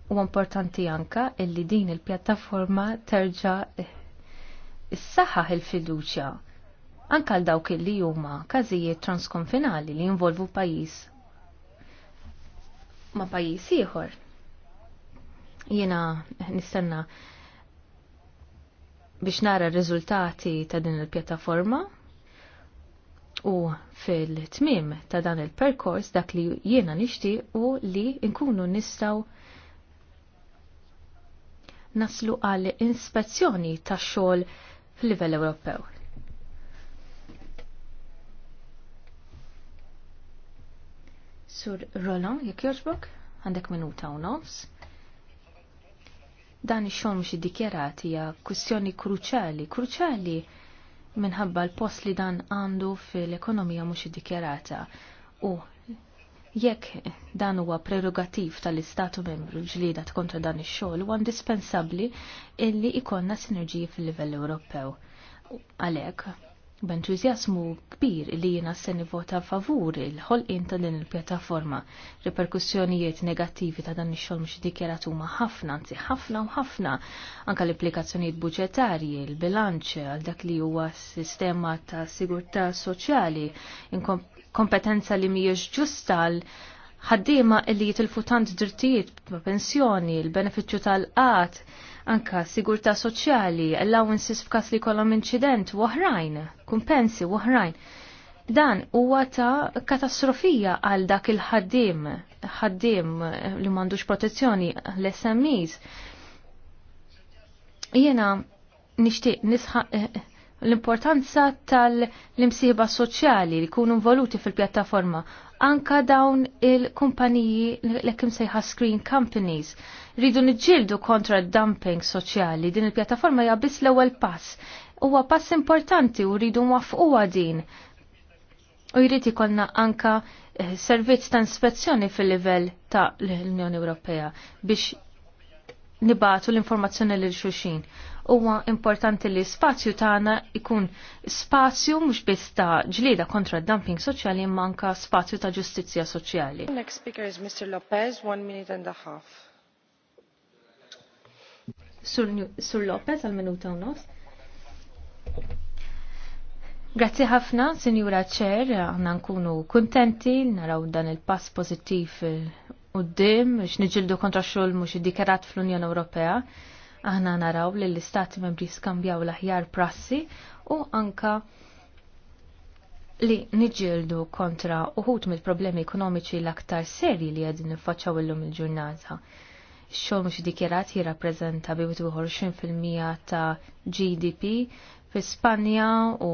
[SPEAKER 1] Huwa importanti anka illi din il-pjattaforma terġa' s-saħħa il-fiduċja anka għal dawk li huma każijiet transkonfinali li jinvolvu pajjiż ma pajjiż ieħor. Jiena nistenna biex nara r-riżultati ta' din il-pjattaforma u fil-tmim ta' dan il-perkors dak li jiena nixti u li nkunu nistaw naslu għal inspezzjoni ta' xogħol fil-livell Ewropew. Sur Roland, jekk joġbok, għandek minuta u nofs dan ix-xogħol mhux iddikjarat hija kwistjoni kruċali, kruċjali minħabba l-post li dan għandu fil-ekonomija mhux iddikjarata u jekk dan huwa prerogativ tal-Istatu membru ġlida kontra dan ix-xogħol huwa indispensabbli illi ikonna sinerġiji fil-livell Ewropew. Għalhekk, b'entużjasmu kbir li jiena se nivvota favur il-ħolqien ta' din il-pjattaforma. Reperkussjonijiet negattivi ta' dan ix-xogħol mhux iddikjarat huma ħafna, anzi ħafna u ħafna, anke l-implikazzjonijiet buġetarji, il-bilanċ għal dak li huwa sistema ta' sigurtà soċjali, kompetenza li mhijiex ġusta għal ħaddiema li jitilfu tant drittijiet, pensjoni, il-benefiċċju tal-qat, anka sigurta soċjali, allowances f'kas li kollom incident, oħrajn, kumpensi, oħrajn. Dan huwa ta' katastrofija għal dak il-ħaddim, ħaddim li m'għandux protezzjoni l-SMEs. Jena nixtieq nisħaq eh, eh, l-importanza tal-imsiba soċjali li kunu involuti fil-pjattaforma anka dawn il-kumpaniji l-ekim sejħa screen companies. Ridu nġildu kontra dumping soċjali, din il-pjattaforma jabis l-ewel pass. Huwa pass importanti u rridu mwafquwa din. U jrid ikolna anka eh, servizz ta' inspezzjoni fil-livell ta' l-Unjoni Ewropea biex nibatu l-informazzjoni l-xulxin huwa importanti li spazju tagħna ikun spazju mhux biss ta' ġlieda kontra d-dumping soċjali manka spazju ta' ġustizzja soċjali.
[SPEAKER 2] Next speaker is Mr. Lopez, one minute and a half.
[SPEAKER 1] Sur, sur Lopez għal minuta u nofs. Grazzi ħafna, Sinjura Ċer, għanna nkunu kontenti, naraw dan il-pass pozittiv eh, u d-dim, xniġildu kontra xol mux id-dikarat fl-Unjon Ewropea Aħna naraw li l-istati membri skambjaw l-aħjar prassi u anka li niġildu kontra uħut mill-problemi ekonomiċi l-aktar serji li għedin nifacċaw illum il-ġurnata xogħol mhux dikjerat jirrappreżenta bi 20% ta' GDP fi Spanja u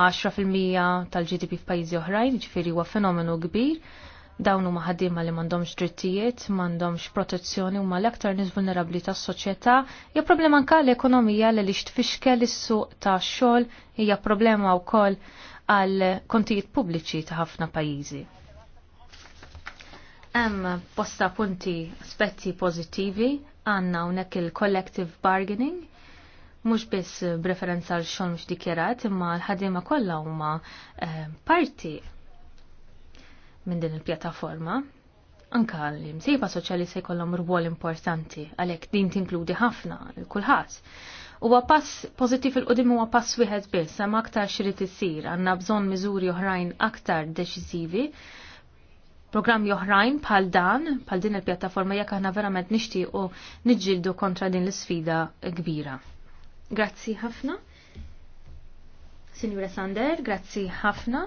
[SPEAKER 1] 10% tal-GDP f'pajjiżi oħrajn, ġifieri huwa fenomenu kbir Dawn huma ħaddiema li m'għandhomx drittijiet, m'għandhomx protezzjoni huma l-aktar nies vulnerabbli tas-soċjetà, hija problema anke l-ekonomija li li xtfixkel is-suq tax-xogħol hija problema wkoll għal kontijiet pubbliċi ta' ħafna pajjiżi. Hemm bosta punti aspetti pożittivi għandna hawnhekk il-collective bargaining mux biss b'referenza għal xol mux dikjerat, imma l-ħadima kolla huma eh, parti minn din il-pjattaforma. Anka l-imsiba soċjali se jkollhom rwol importanti għalhekk din tinkludi ħafna kulħadd. Huwa pass pożittiv il-qudiem huwa pass wieħed biss, hemm aktar xrid isir, għandna bżonn miżuri oħrajn aktar deċiżivi programmi oħrajn bħal dan, bħal din il-pjattaforma jekk aħna verament nixtiequ niġġieldu kontra din l-isfida kbira. Grazzi ħafna. Signora Sander, grazzi ħafna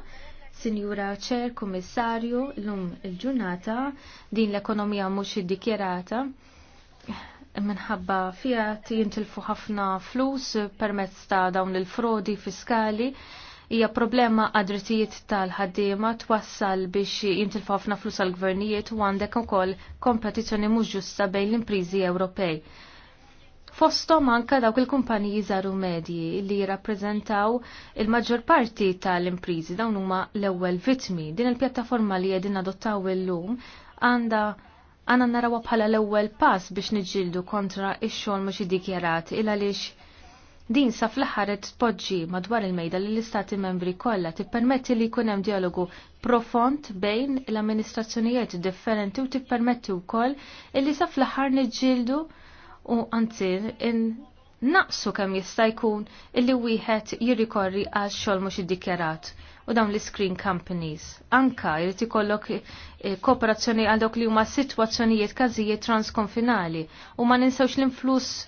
[SPEAKER 1] Sinjura Ċer, Komissarju, l-lum il-ġurnata, din l-ekonomija mhux iddikjerata minħabba fija jintilfu ħafna flus permezz ta' dawn il-frodi fiskali hija problema għadritijiet tal-ħaddiema twassal biex jintilfu ħafna flus għal-gvernijiet u għandek ukoll kompetizzjoni mhux ġusta bejn l-imprizi Ewropej fostom anka dawk il-kumpaniji żaru medji li jirrappreżentaw il-maġġor parti tal-imprizi dawn huma l-ewwel vitmi. Din il-pjattaforma li qegħdin adottaw illum għandha għandna narawha bħala l-ewwel pass biex niġġieldu kontra ix-xogħol mhux iddikjarat il għaliex din sa fl-aħħar tpoġġi madwar il-mejda li l-istati membri kollha tippermetti li jkun hemm dialogu profond bejn l-amministrazzjonijiet differenti u tippermetti wkoll illi sa fl-aħħar niġġieldu u anzir in naqsu kemm jista' jkun illi wieħed jirrikorri għal xogħol mhux iddikjarat u dawn l-screen companies. Anka jrid ikollok eh, kooperazzjoni għal dawk li huma sitwazzjonijiet każijiet transkonfinali u ma ninsewx l-influss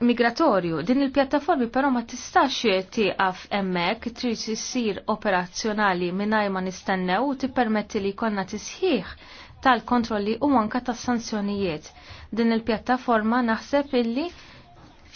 [SPEAKER 1] migratorju. Din il-pjattaformi però ma tistax tieqaf hemmhekk trid issir operazzjonali mingħajr ma nistennew u tippermetti li jkollna tisħiħ tal-kontrolli u anka tas-sanzjonijiet. Din il-pjattaforma naħseb illi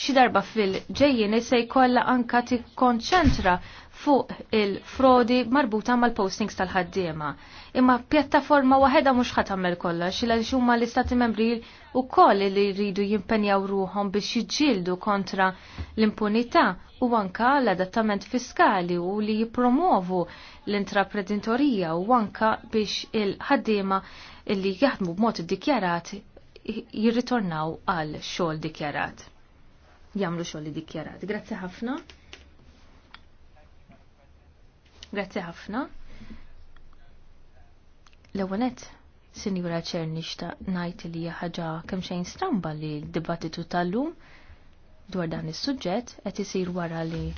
[SPEAKER 1] xi darba fil-ġejjien se jkollha anka tikkonċentra fuq il-frodi marbuta mal-postings tal-ħaddiema. Imma pjattaforma waħedha mhux ħadd tagħmel kollox il huma l-istati membri wkoll li jridu jimpenjaw ruhom biex jiġġieldu kontra l-impunità u anka l-adattament fiskali u li jipromovu l-intraprenditorija u anka biex il-ħaddiema illi jaħdmu b'mod iddikjarat jirritornaw għal xogħol dikjarat. Jamlu xogħol dikjarat. Grazzi ħafna. Grazzi ħafna. L-ewwelet Sinjura ċer ngħid najt li ħaġa xejn stramba li d-dibattitu tal-lum dwar dan is-suġġett qed isir wara li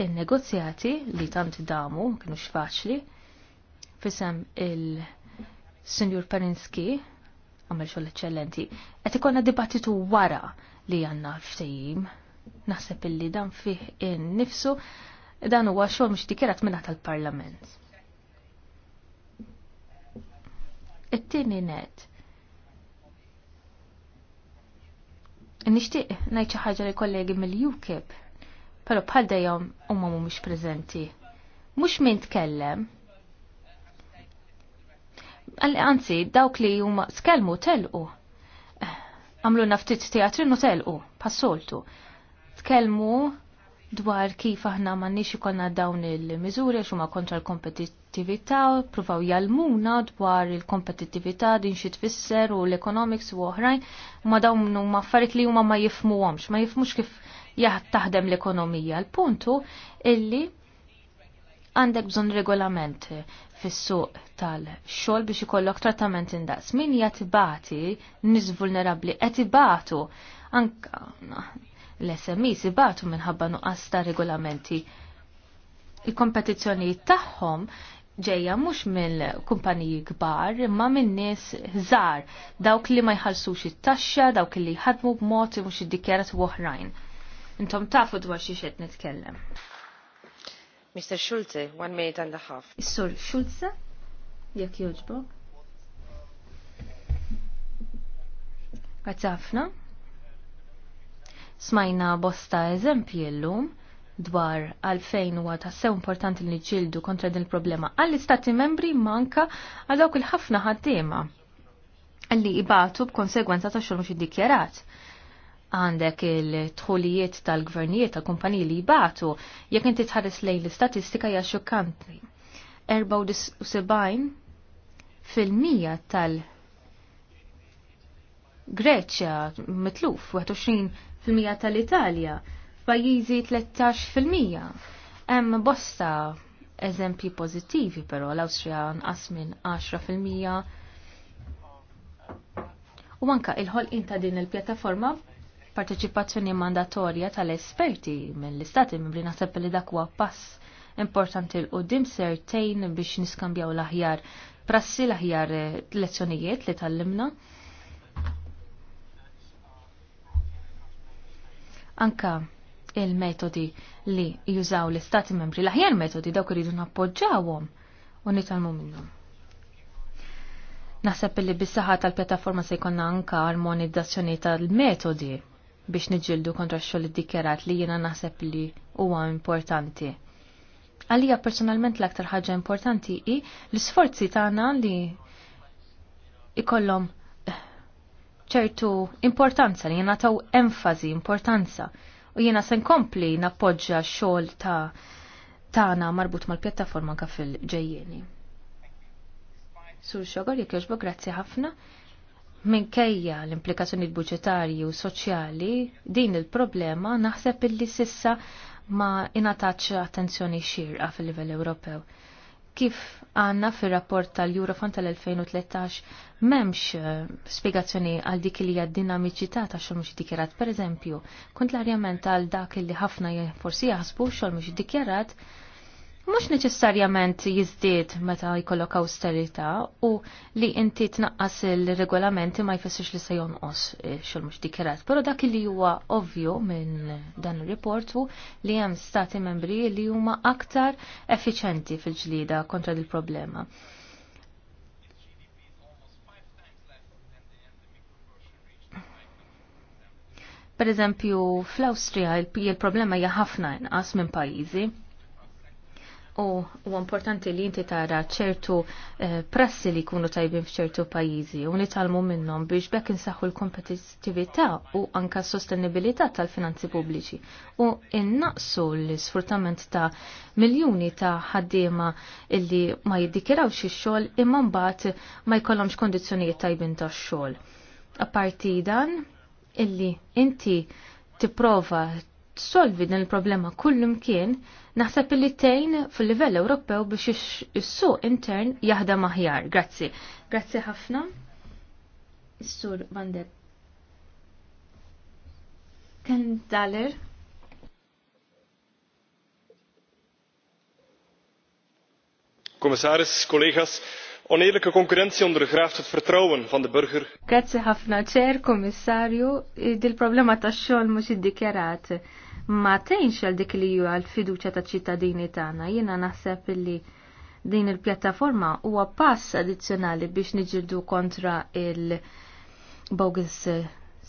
[SPEAKER 1] n-negozjati li tant damu kienu faċli fisem il- Senjur Perinski, għamil xogħol eċċellenti, qed ikonna dibattitu wara li għandna ftehim. Naħseb illi dan fih innifsu dan huwa xogħol mhux dikjerat minna tal-Parlament. It-tieni net. Nixtieq ngħid xi ħaġa li kollegi mill-UKIP, però bħal dejjem huma mhumiex preżenti. Mhux min tkellem, anzi dawk li huma skelmu telqu. Għamlu naftit teatrin telqu, passoltu. Skelmu dwar kif aħna m'għandniex konna dawn il-miżuri xuma kontra l-kompetittività, pruvaw jalmuna dwar il-kompetittività din xi tfisser u l-economics u oħrajn, ma dawn huma affarijiet li huma ma jifmuhomx, ma jifmux kif jaħt taħdem l-ekonomija. L-puntu illi għandek bżon regolament fis-suq tal-xogħol biex ikollok trattament indaqs. Min hija tibati nies vulnerabbli qed ibatu Anke l-SMEs ibatu minħabba nuqqas ta' regolamenti. Il-kompetizzjonijiet tagħhom ġejja mhux mill-kumpaniji kbar imma minn nies żgħar dawk li ma jħallsux it-taxxa, dawk li jħadmu b'mod mhux iddikjarat u oħrajn. Intom tafu dwar xi xed nitkellem.
[SPEAKER 2] Mr. Schulze, one minute and a half.
[SPEAKER 1] Is-sur Schulze, jekk joġbok. Għazzafna. Smajna bosta eżempji l-lum dwar għalfejn huwa tassew importanti li ġildu kontra din il-problema għall-istati membri manka għal dawk il-ħafna ħaddiema li ibatu b'konsegwenza ta' xogħol mhux iddikjarat għandek il tħulijiet tal-gvernijiet ta' kumpaniji li jibatu, jekk inti tħares lejn l-istatistika hija xokkanti. 74 fil-mija tal- Greċja mitluf 21 fil-mija tal-Italja, f'pajjiżi 13 fil-mija. Hemm bosta eżempji pożittivi però l-Awstrija nqas minn 10 fil-mija U anka il-ħolqin ta' din il-pjattaforma parteċipazzjoni mandatorja tal-esperti mill-istati mibli naħseb li dak huwa pass importanti l qudiem sertejn biex niskambjaw l-aħjar prassi l-aħjar eh, lezzjonijiet li tallimna. Anka il-metodi li jużaw l-istati membri, l-aħjar metodi dawk iridu nappoġġawhom u nitalmu minnhom. Naħseb li bis-saħħa tal-pjattaforma se jkollna anka armonizzazzjoni tal-metodi biex niġildu kontra x-xogħol iddikjarat li jiena naħseb li huwa importanti. Għalija personalment l-aktar ħaġa importanti hi l-isforzi tagħna li ikollhom eh, ċertu importanza li jiena taw enfazi importanza u jiena se nkompli nappoġġa x-xogħol ta' tagħna marbut mal-pjattaforma ka fil-ġejjieni. Sur xogor jekk jogħġbok grazzi ħafna. Minkejja l-implikazzjoni budġetarji u soċjali, din il-problema naħseb illi sissa ma inataċ attenzjoni xirqa fil-livell Ewropew. Kif għanna fir rapport tal-Eurofond tal-2013 memx eh, spiegazzjoni għal dik li hija dinamiċità ta' xogħol mhux dikjarat. Pereżempju, l-arjament għal dak li ħafna forsi jaħsbu xogħol mhux dikjarat, mux neċessarjament jizdiet meta jkollok austerita u li inti tnaqqas il-regolamenti ma jfessirx li se jonqos eh, xol mux dikirat. Pero dak li huwa ovvju minn dan il-report li hemm stati membri li huma aktar effiċenti fil-ġlida kontra dil-problema. Per eżempju, fl-Austria il-problema hija ħafna inqas minn pajjiżi U u importanti li inti tara ċertu eh, prassi li kunu tajbin f'ċertu pajjiżi u nitalmu minnhom biex bekk insaħħu l-kompetittività u anka s-sostenibilità tal-finanzi pubbliċi u innaqsu l-sfruttament ta' miljuni ta' ħaddiema illi ma jiddikiraw ix-xogħol imma mbagħad ma jkollhomx kondizzjonijiet tajbin tax-xogħol. Apparti dan illi inti tipprova solvi din il-problema kullum kien, naħseb li tejn fil-livell Ewropew biex is-suq intern jaħdem aħjar. Grazzi. Grazzi ħafna. Is-sur Bandeb. Ken Daler.
[SPEAKER 2] Commissaris, collega's, Oneerlijke concurrentie ondergraaft het vertrouwen van de burger.
[SPEAKER 1] Grazie ħafna Chair komissarju, eh, il-problema ta' xol mux id ma tejn għal dik li ju għal fiduċja taċ-ċittadini tagħna. Jiena naħseb li din il-pjattaforma huwa pass addizzjonali biex niġildu kontra il-bogus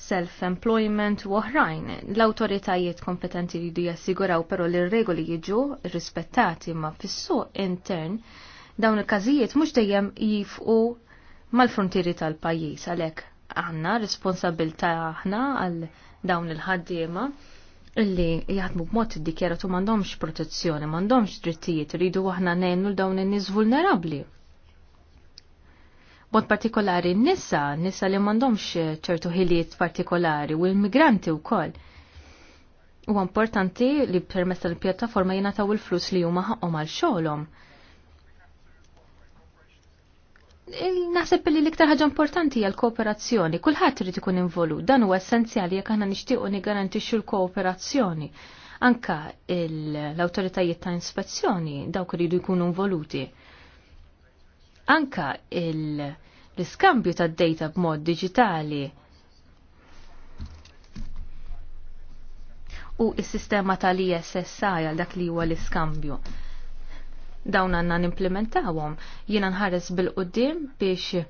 [SPEAKER 1] self-employment u oħrajn. L-autoritajiet kompetenti jridu jassiguraw però li r-regoli jiġu rispettati ma fis-suq intern dawn il-każijiet mhux dejjem jifqu mal-frontieri tal-pajjiż għalhekk għandna responsabilta aħna għal dawn il-ħaddiema illi jaħdmu b'mod id-dikjeratu m'għandhomx protezzjoni, m'għandhomx drittijiet, rridu aħna nennu l dawn in-nies vulnerabbli. Mod partikolari n-nisa, n-nisa li m'għandhomx ċertu ħiliet partikolari u l-migranti wkoll. Huwa importanti li permessa tal-pjattaforma jingħataw il-flus li huma ħaqhom għal xogħolhom Naħseb li l-iktar ħaġa importanti hija l-kooperazzjoni. Kulħadd irid ikun involut, dan huwa essenzjali jekk aħna nixtiequ nigarantixxu l-kooperazzjoni. Anka l-awtoritajiet ta' inspezzjoni dawk iridu jkunu involuti. Anka l-iskambju tad data b'mod diġitali u s-sistema tal-ISSI għal dak li huwa l-iskambju dawn għanna nimplementawhom. jina nħares bil-qoddim biex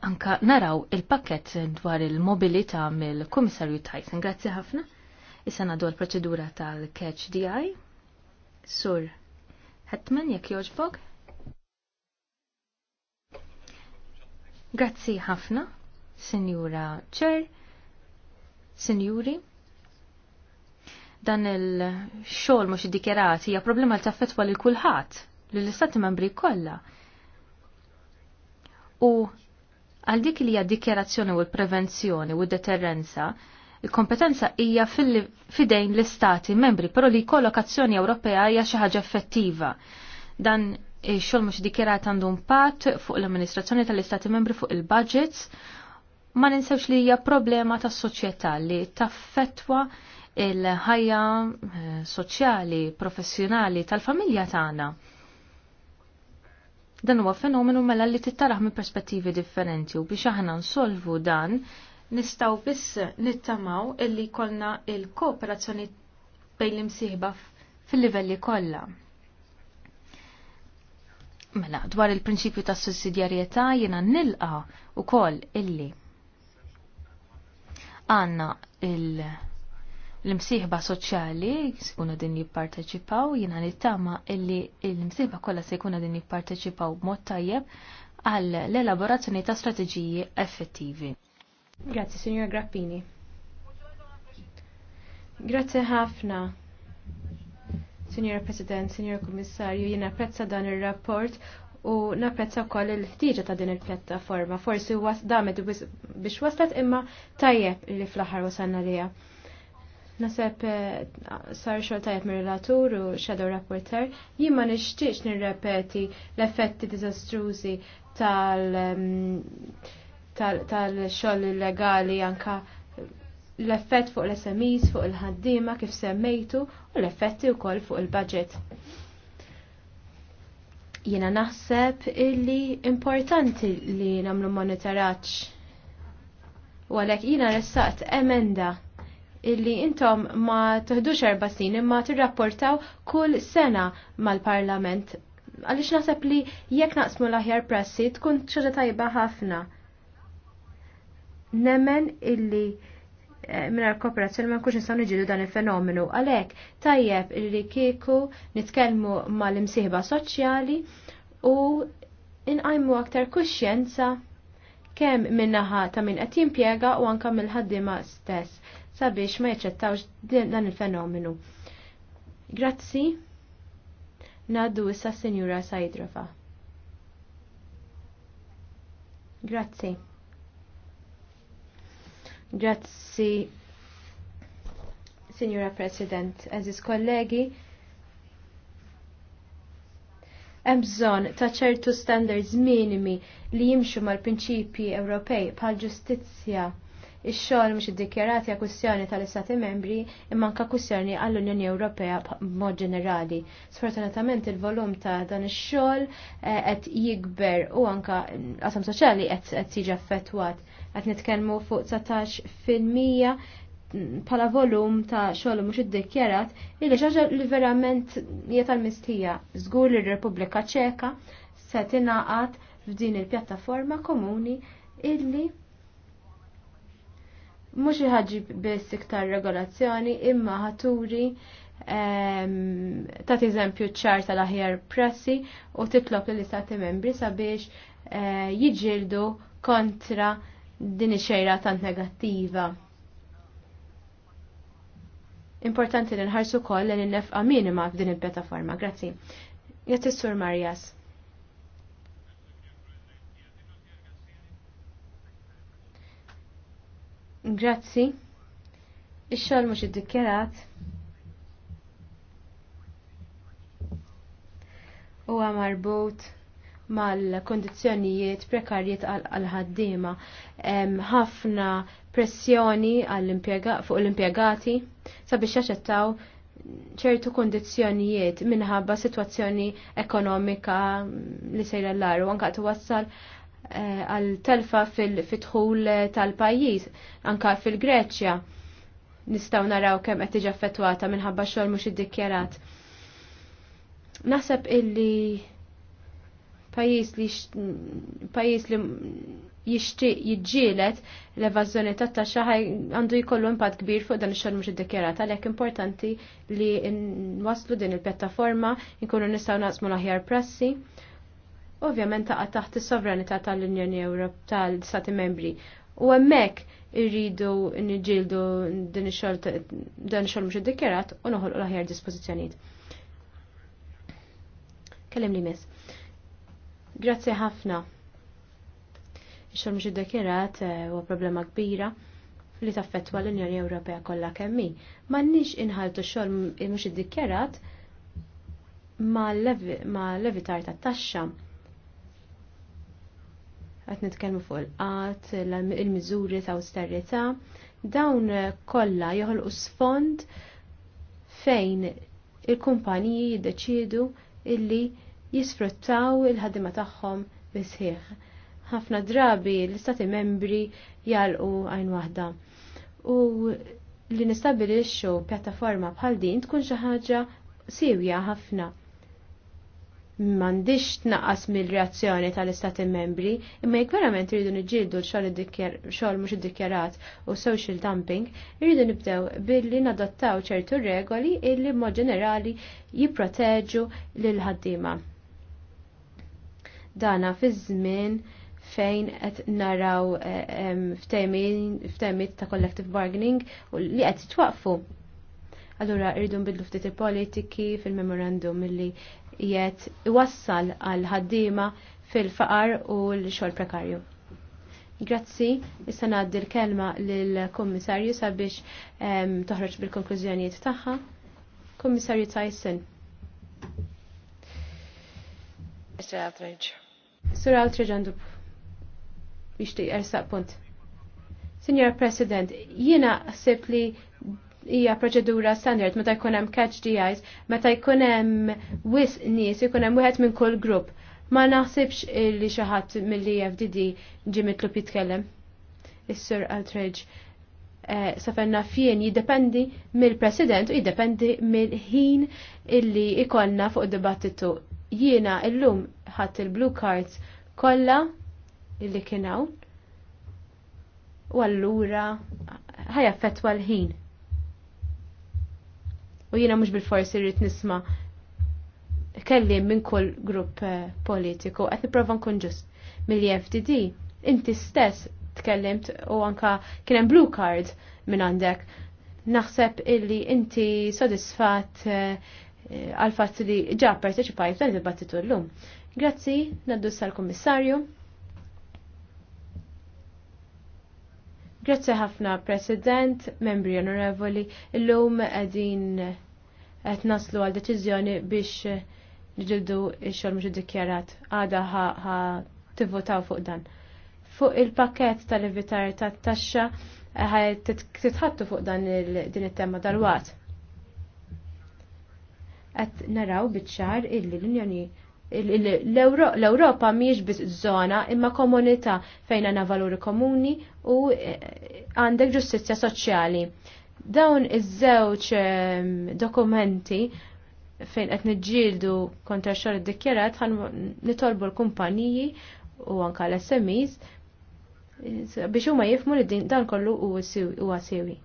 [SPEAKER 1] anka naraw il-pakket dwar il-mobilita mill-Kummissarju Tyson. Grazzi ħafna. Issa nadu l-proċedura tal-Catch DI. Sur, Hetman, jekk joġbog? Grazzi ħafna, Senjura Ċer, Sinjuri dan il-xol mux dikjerati hija problema li taffetwa lil kulħadd l istati membri kollha. U għal dik li hija dikjerazzjoni u l-prevenzjoni u deterrenza il-kompetenza hija fidejn l-istati membri, però li kollokazzjoni Ewropea hija xi ħaġa effettiva. Dan ix-xogħol mhux dikjerat għandu impatt fuq l-amministrazzjoni tal-istati membri fuq il-budgets, ma ninsewx li hija problema tas-soċjetà li taffettwa il-ħajja eh, soċjali, professjonali tal-familja tagħna. Dan huwa fenomenu mela li tittaraħ minn perspettivi differenti u biex aħna nsolvu dan nistaw biss nittamaw illi kollna il-kooperazzjoni bejn l-imsieħba fil-livelli kollha. Mela, dwar il-prinċipju ta' sussidjarjetà jiena nilqa' ukoll illi għandna il- l-imsieħba soċjali sikuna din jipparteċipaw, jina nittama illi l-imsieħba kollha se jkunu din jipparteċipaw b'mod tajjeb għall l-elaborazzjoni
[SPEAKER 2] ta' strateġiji effettivi. Grazzi, Signor Grappini. Grazzi ħafna. Signor President, Signor Kummissarju, jina prezza dan il-rapport u napprezza wkoll il-ħtieġa ta' din il-pjattaforma. Forsi damet biex waslet imma tajjeb li fl-aħħar wasalna liha. Nasab eh, sar xol tajab mir-relatur u shadow rapporter, jimma nishtiċ nirrepeti l-effetti dizastruzi tal tal-xol illegali anka l-effett fuq l-SMEs, fuq il-ħaddima kif semmejtu u l-effetti u koll fuq il-budget. Jena naħseb illi importanti li namlu monitoraċ u għalek jina ressaqt emenda illi intom ma tħdux erba snin imma tirrapportaw kull sena mal-Parlament. Għalix naħseb li jekk naqsmu l-aħjar pressi tkun xaġa tajba ħafna. Nemmen illi eh, minna kooperazzjoni ma nkunx nistgħu niġidu dan il-fenomenu. Għalhekk tajjeb illi kieku nitkellmu mal-imsieħba soċjali u inqajmu aktar kuxjenza kemm minnaħa ta' min qed jimpjega u anke mill-ħaddiema stess sabiex ma jaċċettawx dan il-fenomenu. Grazzi, naddu issa senjura Sajdrofa. Grazzi. Grazzi, Signora President, eżis kollegi, hemm bżonn ta' ċertu standards minimi li jimxu mal-prinċipji Ewropej pal ġustizzja Ix-xogħol mhux iddikjarati għal kwistjoni tal-Istati Membri imma anke kwistjoni għall-Unjoni Ewropea b'mod ġenerali. Sfortunatament il-volum ta' dan ix-xogħol eh, qed jikber u anke qasam soċjali qed jiġi affettwat. Qed nitkellmu fuq 19 fil bħala volum ta' xogħol mhux iddikjarat illi xaġa li verament hija tal-mistija. Żgur li r-Repubblika Ċeka se tingħaqad f'din il-pjattaforma komuni illi mhux iħaġi biss iktar regolazzjoni imma ħaturi ehm, ta' eżempju ċar tal-aħjar pressi u titlob li istati membri sabiex eh, jiġildu kontra din ix tant negattiva. Importanti li nħarsu koll li n-nefqa minima f'din il pjataforma Grazzi. Jattissur Marjas. Grazzi. Ix-xogħol mhux iddikjarat. Huwa marbut mal-kondizjonijiet prekarjiet għal-ħaddima. ħafna pressjoni fuq l impjegati sabiex jaċċettaw ċertu kondizjonijiet minħabba situazzjoni ekonomika li sejra l-laru, anka wassal Eh, għal telfa fil-fitħul tal-pajjiż, anka fil-Greċja. Nistaw naraw kemm qed tiġi affettwata minħabba xogħol mhux iddikjarat. Naħseb illi pajjiż li pajjiż li jixtieq jiġġielet l-evażjoni ta' taxxa għandu jkollu impatt kbir fuq dan ix-xogħol mhux iddikjarat għalhekk importanti li nwasslu din il-pjattaforma nkunu nistgħu naqsmu l-aħjar prassi ovvjament taqa taħt is-sovranità tal-Unjoni Ewrop tal-Stati Membri. U hemmhekk irridu niġildu din ix-xogħol dan xogħol mhux iddikjarat u noħolqu l-aħjar dispożizzjonijiet. Kellem li miss. Grazzi ħafna. Ix-xogħol mhux iddikjerat eh, huwa problema kbira li taffettwa l-Unjoni Ewropea kollha kemm hi. M'għandniex inħaltu x-xogħol mhux iddikjerat ma' levitar tat-taxxa għat nitkelmu fuq il-qat, il-mizuri ta' austerita, dawn kolla joħolqu sfond fejn il-kumpaniji jiddeċidu illi jisfruttaw il-ħadima tagħhom bisħieħ. Ħafna drabi l-istati membri jalqu għajn waħda. U li nistabilixxu pjattaforma bħal din tkun xi ħaġa sewja ħafna mandiċ tnaqqas mill-reazzjoni tal-istati membri, imma jek verament rridu nġildu l-xol mux id-dikjarat u social dumping, rridu nibdew billi nadottaw ċertu regoli illi mod ġenerali jiproteġu l-ħaddima. Dana fi żmien fejn qed naraw eh, f'temijiet ta' collective bargaining u li qed titwaqfu Allura rridu nbidlu ftit il-politiki fil-memorandum illi jiet iwassal għal ħaddima fil-faqar u l-xol prekarju. Grazzi, issa naddi l-kelma l-Kommissarju sabiex ehm, toħroġ bil-konklużjonijiet tagħha. Kommissarju Tyson. Mr. Altridge. Sir Altridge għandu biex tiqersaq punt. Signor President, jiena ħseb li hija proċedura standard meta jkun hemm catch DIs, meta jkun hemm wis nies, jkun hemm wieħed minn kull grupp. Ma naħsibx li xi ħadd mill-EFDD ġie mitlub jitkellem. Is-Sur Altridge. Eh, safenna fien jiddependi mill-President u jiddependi mill-ħin illi ikonna fuq dibattitu. Jiena illum ħadd il-blue cards kollha illi kien hawn u allura ħajaffettwa l-ħin u jiena mhux bil-forsi rrid nisma' kelli minn kull grupp eh, politiku qed niprofa nkun ġust mill-FDD inti stess tkellimt u anka kien hemm blue card minn għandek naħseb illi inti sodisfat eh, għal fat li ġa parteċipajt dan id l llum. Grazzi, naddu sal-Kommissarju. Grazzi ħafna President, membri onorevoli, illum għedin qed naslu għal deċizjoni biex nġildu xol mux dikjarat għada ħa tivvotaw fuq dan. Fuq il-pakket tal-evitar ta' taxxa titħattu fuq dan din it-tema dal-wat. naraw naraw bitxar illi l-Unjoni l-Europa miex biss zona imma komunità fejn għandna valuri komuni u eh, għandek ġustizzja soċjali. Dawn iż-żewġ ehm, dokumenti fejn qed niġġieldu kontra xogħol iddikjarat ħan nitolbu l-kumpaniji u anka l-SMEs eh, biex huma jifmu li dan kollu huwa sewi.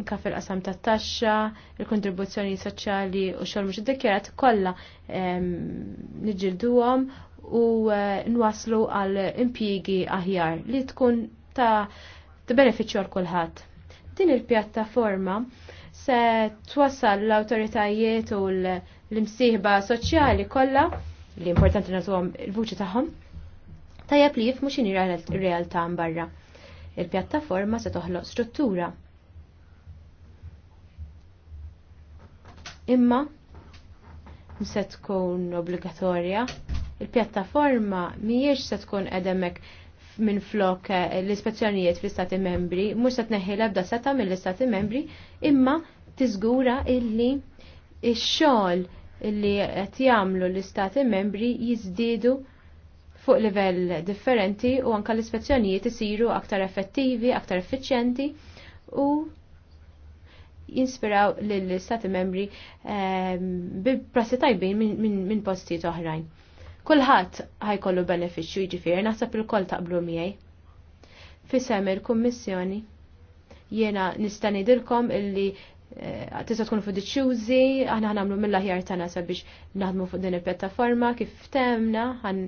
[SPEAKER 2] Nkaf il qasam ta' taxxa, il-kontribuzzjoni soċjali u xogħol mhux iddikjarat kollha niġilduhom u eh, nwaslu għal impjiegi aħjar li tkun ta' benefiċċju għal kulħadd. Din il-pjattaforma se twassal l-awtoritajiet u l-imsieħba soċjali kollha li importanti nagħtuhom il-vuċi tagħhom tajjeb li jifmu x'inhi r-realtà mbarra. Il-pjattaforma se toħloq struttura imma se tkun obbligatorja. Il-pjattaforma mhijiex se tkun edemek minn flok eh, l-ispezzjonijiet fl-istati membri, mhux se tneħħi l-ebda seta mill-istati membri, imma tiżgura illi ix-xogħol illi qed jagħmlu l-istati membri jiżdiedu fuq livell differenti u anka l-ispezzjonijiet isiru aktar effettivi, aktar effiċjenti u jinspiraw l-Stati membri ehm, bil-prassi tajbin minn postijiet oħrajn. Kulħadd ħajkollu benefiċċju jiġifieri naħseb il-koll taqblu miegħi. Fisem il-Kummissjoni jiena nista' ngħidilkom illi eh, tista' tkun fiduċjużi, aħna ħnamlu mill-aħjar tagħna sabiex naħdmu fuq din il-pjattaforma kif temna ħan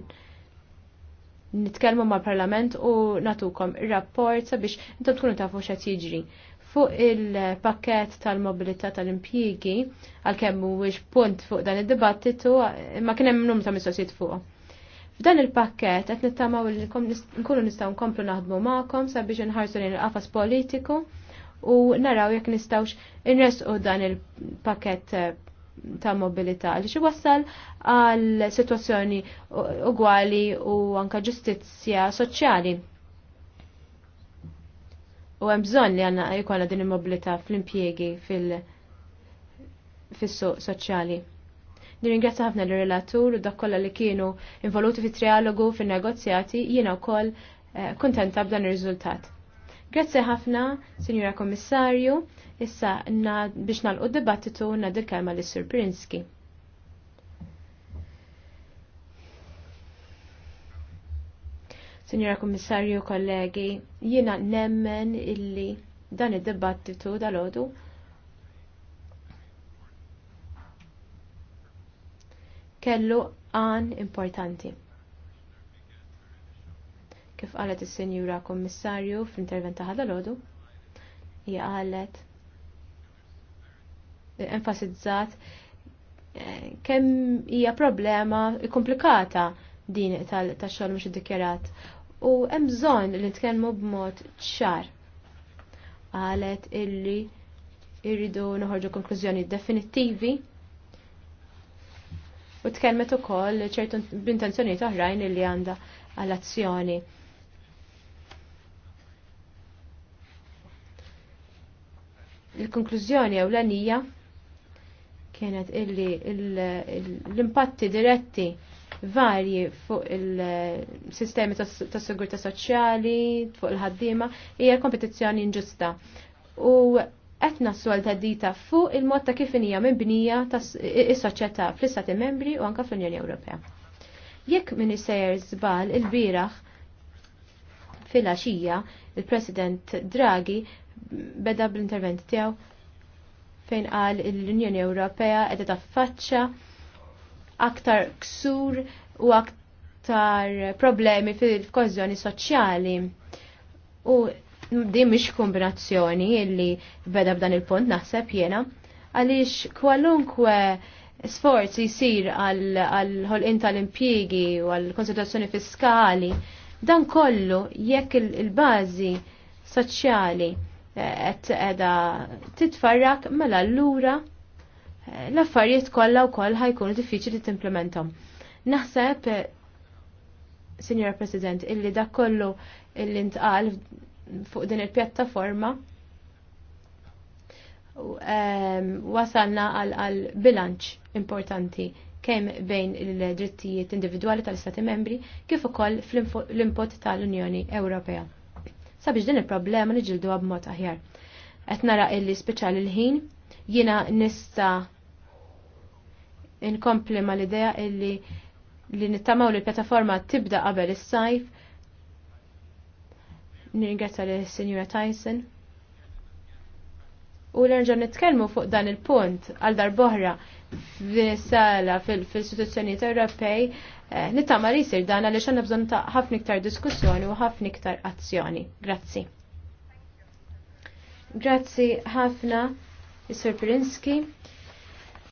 [SPEAKER 2] nitkellmu mal-Parlament u natukom ir-rapport sabiex intom tkunu tafu x'qed jiġri fuq il-pakket tal-mobilità tal-impjigi għal-kemm mhuwiex punt fuq dan id-dibattitu ma kien hemm num ta' mistoqsijiet fuq. F'dan il-pakket qed nittamaw li nkunu nistgħu nkomplu naħdmu magħkom sabiex inħarsu lejn il-qafas politiku u naraw jekk nistgħux inresqu dan il-pakket eh, ta' mobilità li xi wassal għal sitwazzjoni ugwali u anka ġustizzja soċjali U hemm bżonn li għandna jkollna din il-mobilità fl-impjiegi fis-suq soċjali. Nirringrazzja ħafna l relatur u dak kollha li kienu involuti fit trialogu fin-negozjati jiena wkoll eh, kuntenta b'dan ir-riżultat. Grazzi ħafna, Sinjura Kommissarju, issa biex nagħlqu d-dibattitu nad il-kelma lis-Sur Prinski. Signora Kommissarju, kollegi, jiena nemmen illi dan id-dibattitu dal-ħodu kellu għan importanti. Kif qalet is signora Kommissarju fl-intervent ta' dal-ħodu, hija qalet enfasizzat eh, kemm hija problema komplikata din tax-xogħol mhux iddikjarat u hemm bżonn li nitkellmu b'mod ċar. Qalet illi irridu noħorġu konklużjoni definittivi u tkellmet ukoll ċertu b'intenzjonijiet oħrajn li għandha għall-azzjoni. Il-konklużjoni ewlenija kienet illi l-impatti diretti varji fuq il-sistemi tas sigurta soċjali, fuq il-ħaddiema, hija kompetizzjoni inġusta. U qed nassu għal tadita fuq il-mod ta' kif hija mibnija is-soċjetà fl-Istati Membri u anke fl-Unjoni Ewropea. Jekk min isejjer żbal il-bieraħ fil-għaxija, il-President Draghi beda bl-intervent tiegħu fejn qal l-Unjoni Ewropea qiegħda taffaċċa aktar ksur u aktar problemi fil-kozzjoni soċjali. U din mhix kombinazzjoni illi beda b'dan il-punt naħseb jiena, għaliex kwalunkwe sforz jisir għal-ħolqin tal-impjiegi u għal-konsultazzjoni fiskali, dan kollu jekk il-bażi soċjali eh, qed qiegħda titfarrak mela allura l-affarijiet kollha wkoll ħajkunu diffiċli timplementhom. Naħseb, Sinjora President, illi dak kollu illi ntqal fuq din il-pjattaforma um, wasalna għal bilanċ importanti kemm bejn il-drittijiet individwali tal-Stati membri kif ukoll fl-input tal-Unjoni Ewropea. Sabiex din il-problema niġilduha b'mod aħjar. Qed nara illi speċjali l-ħin jiena nista' inkompli ma l-idea illi li nittamaw li l-pjattaforma tibda qabel is-sajf. Nirringrazzja li Sinjura Tyson. U nerġa' nitkellmu fuq dan il-punt għal darboħra f'sala fil-istituzzjonijiet Ewropej eh, nittama li jsir dan għaliex għandna bżonn ta' ħafna iktar diskussjoni u ħafna iktar azzjoni. Grazzi. Grazzi ħafna, Is-Sur Pirinski.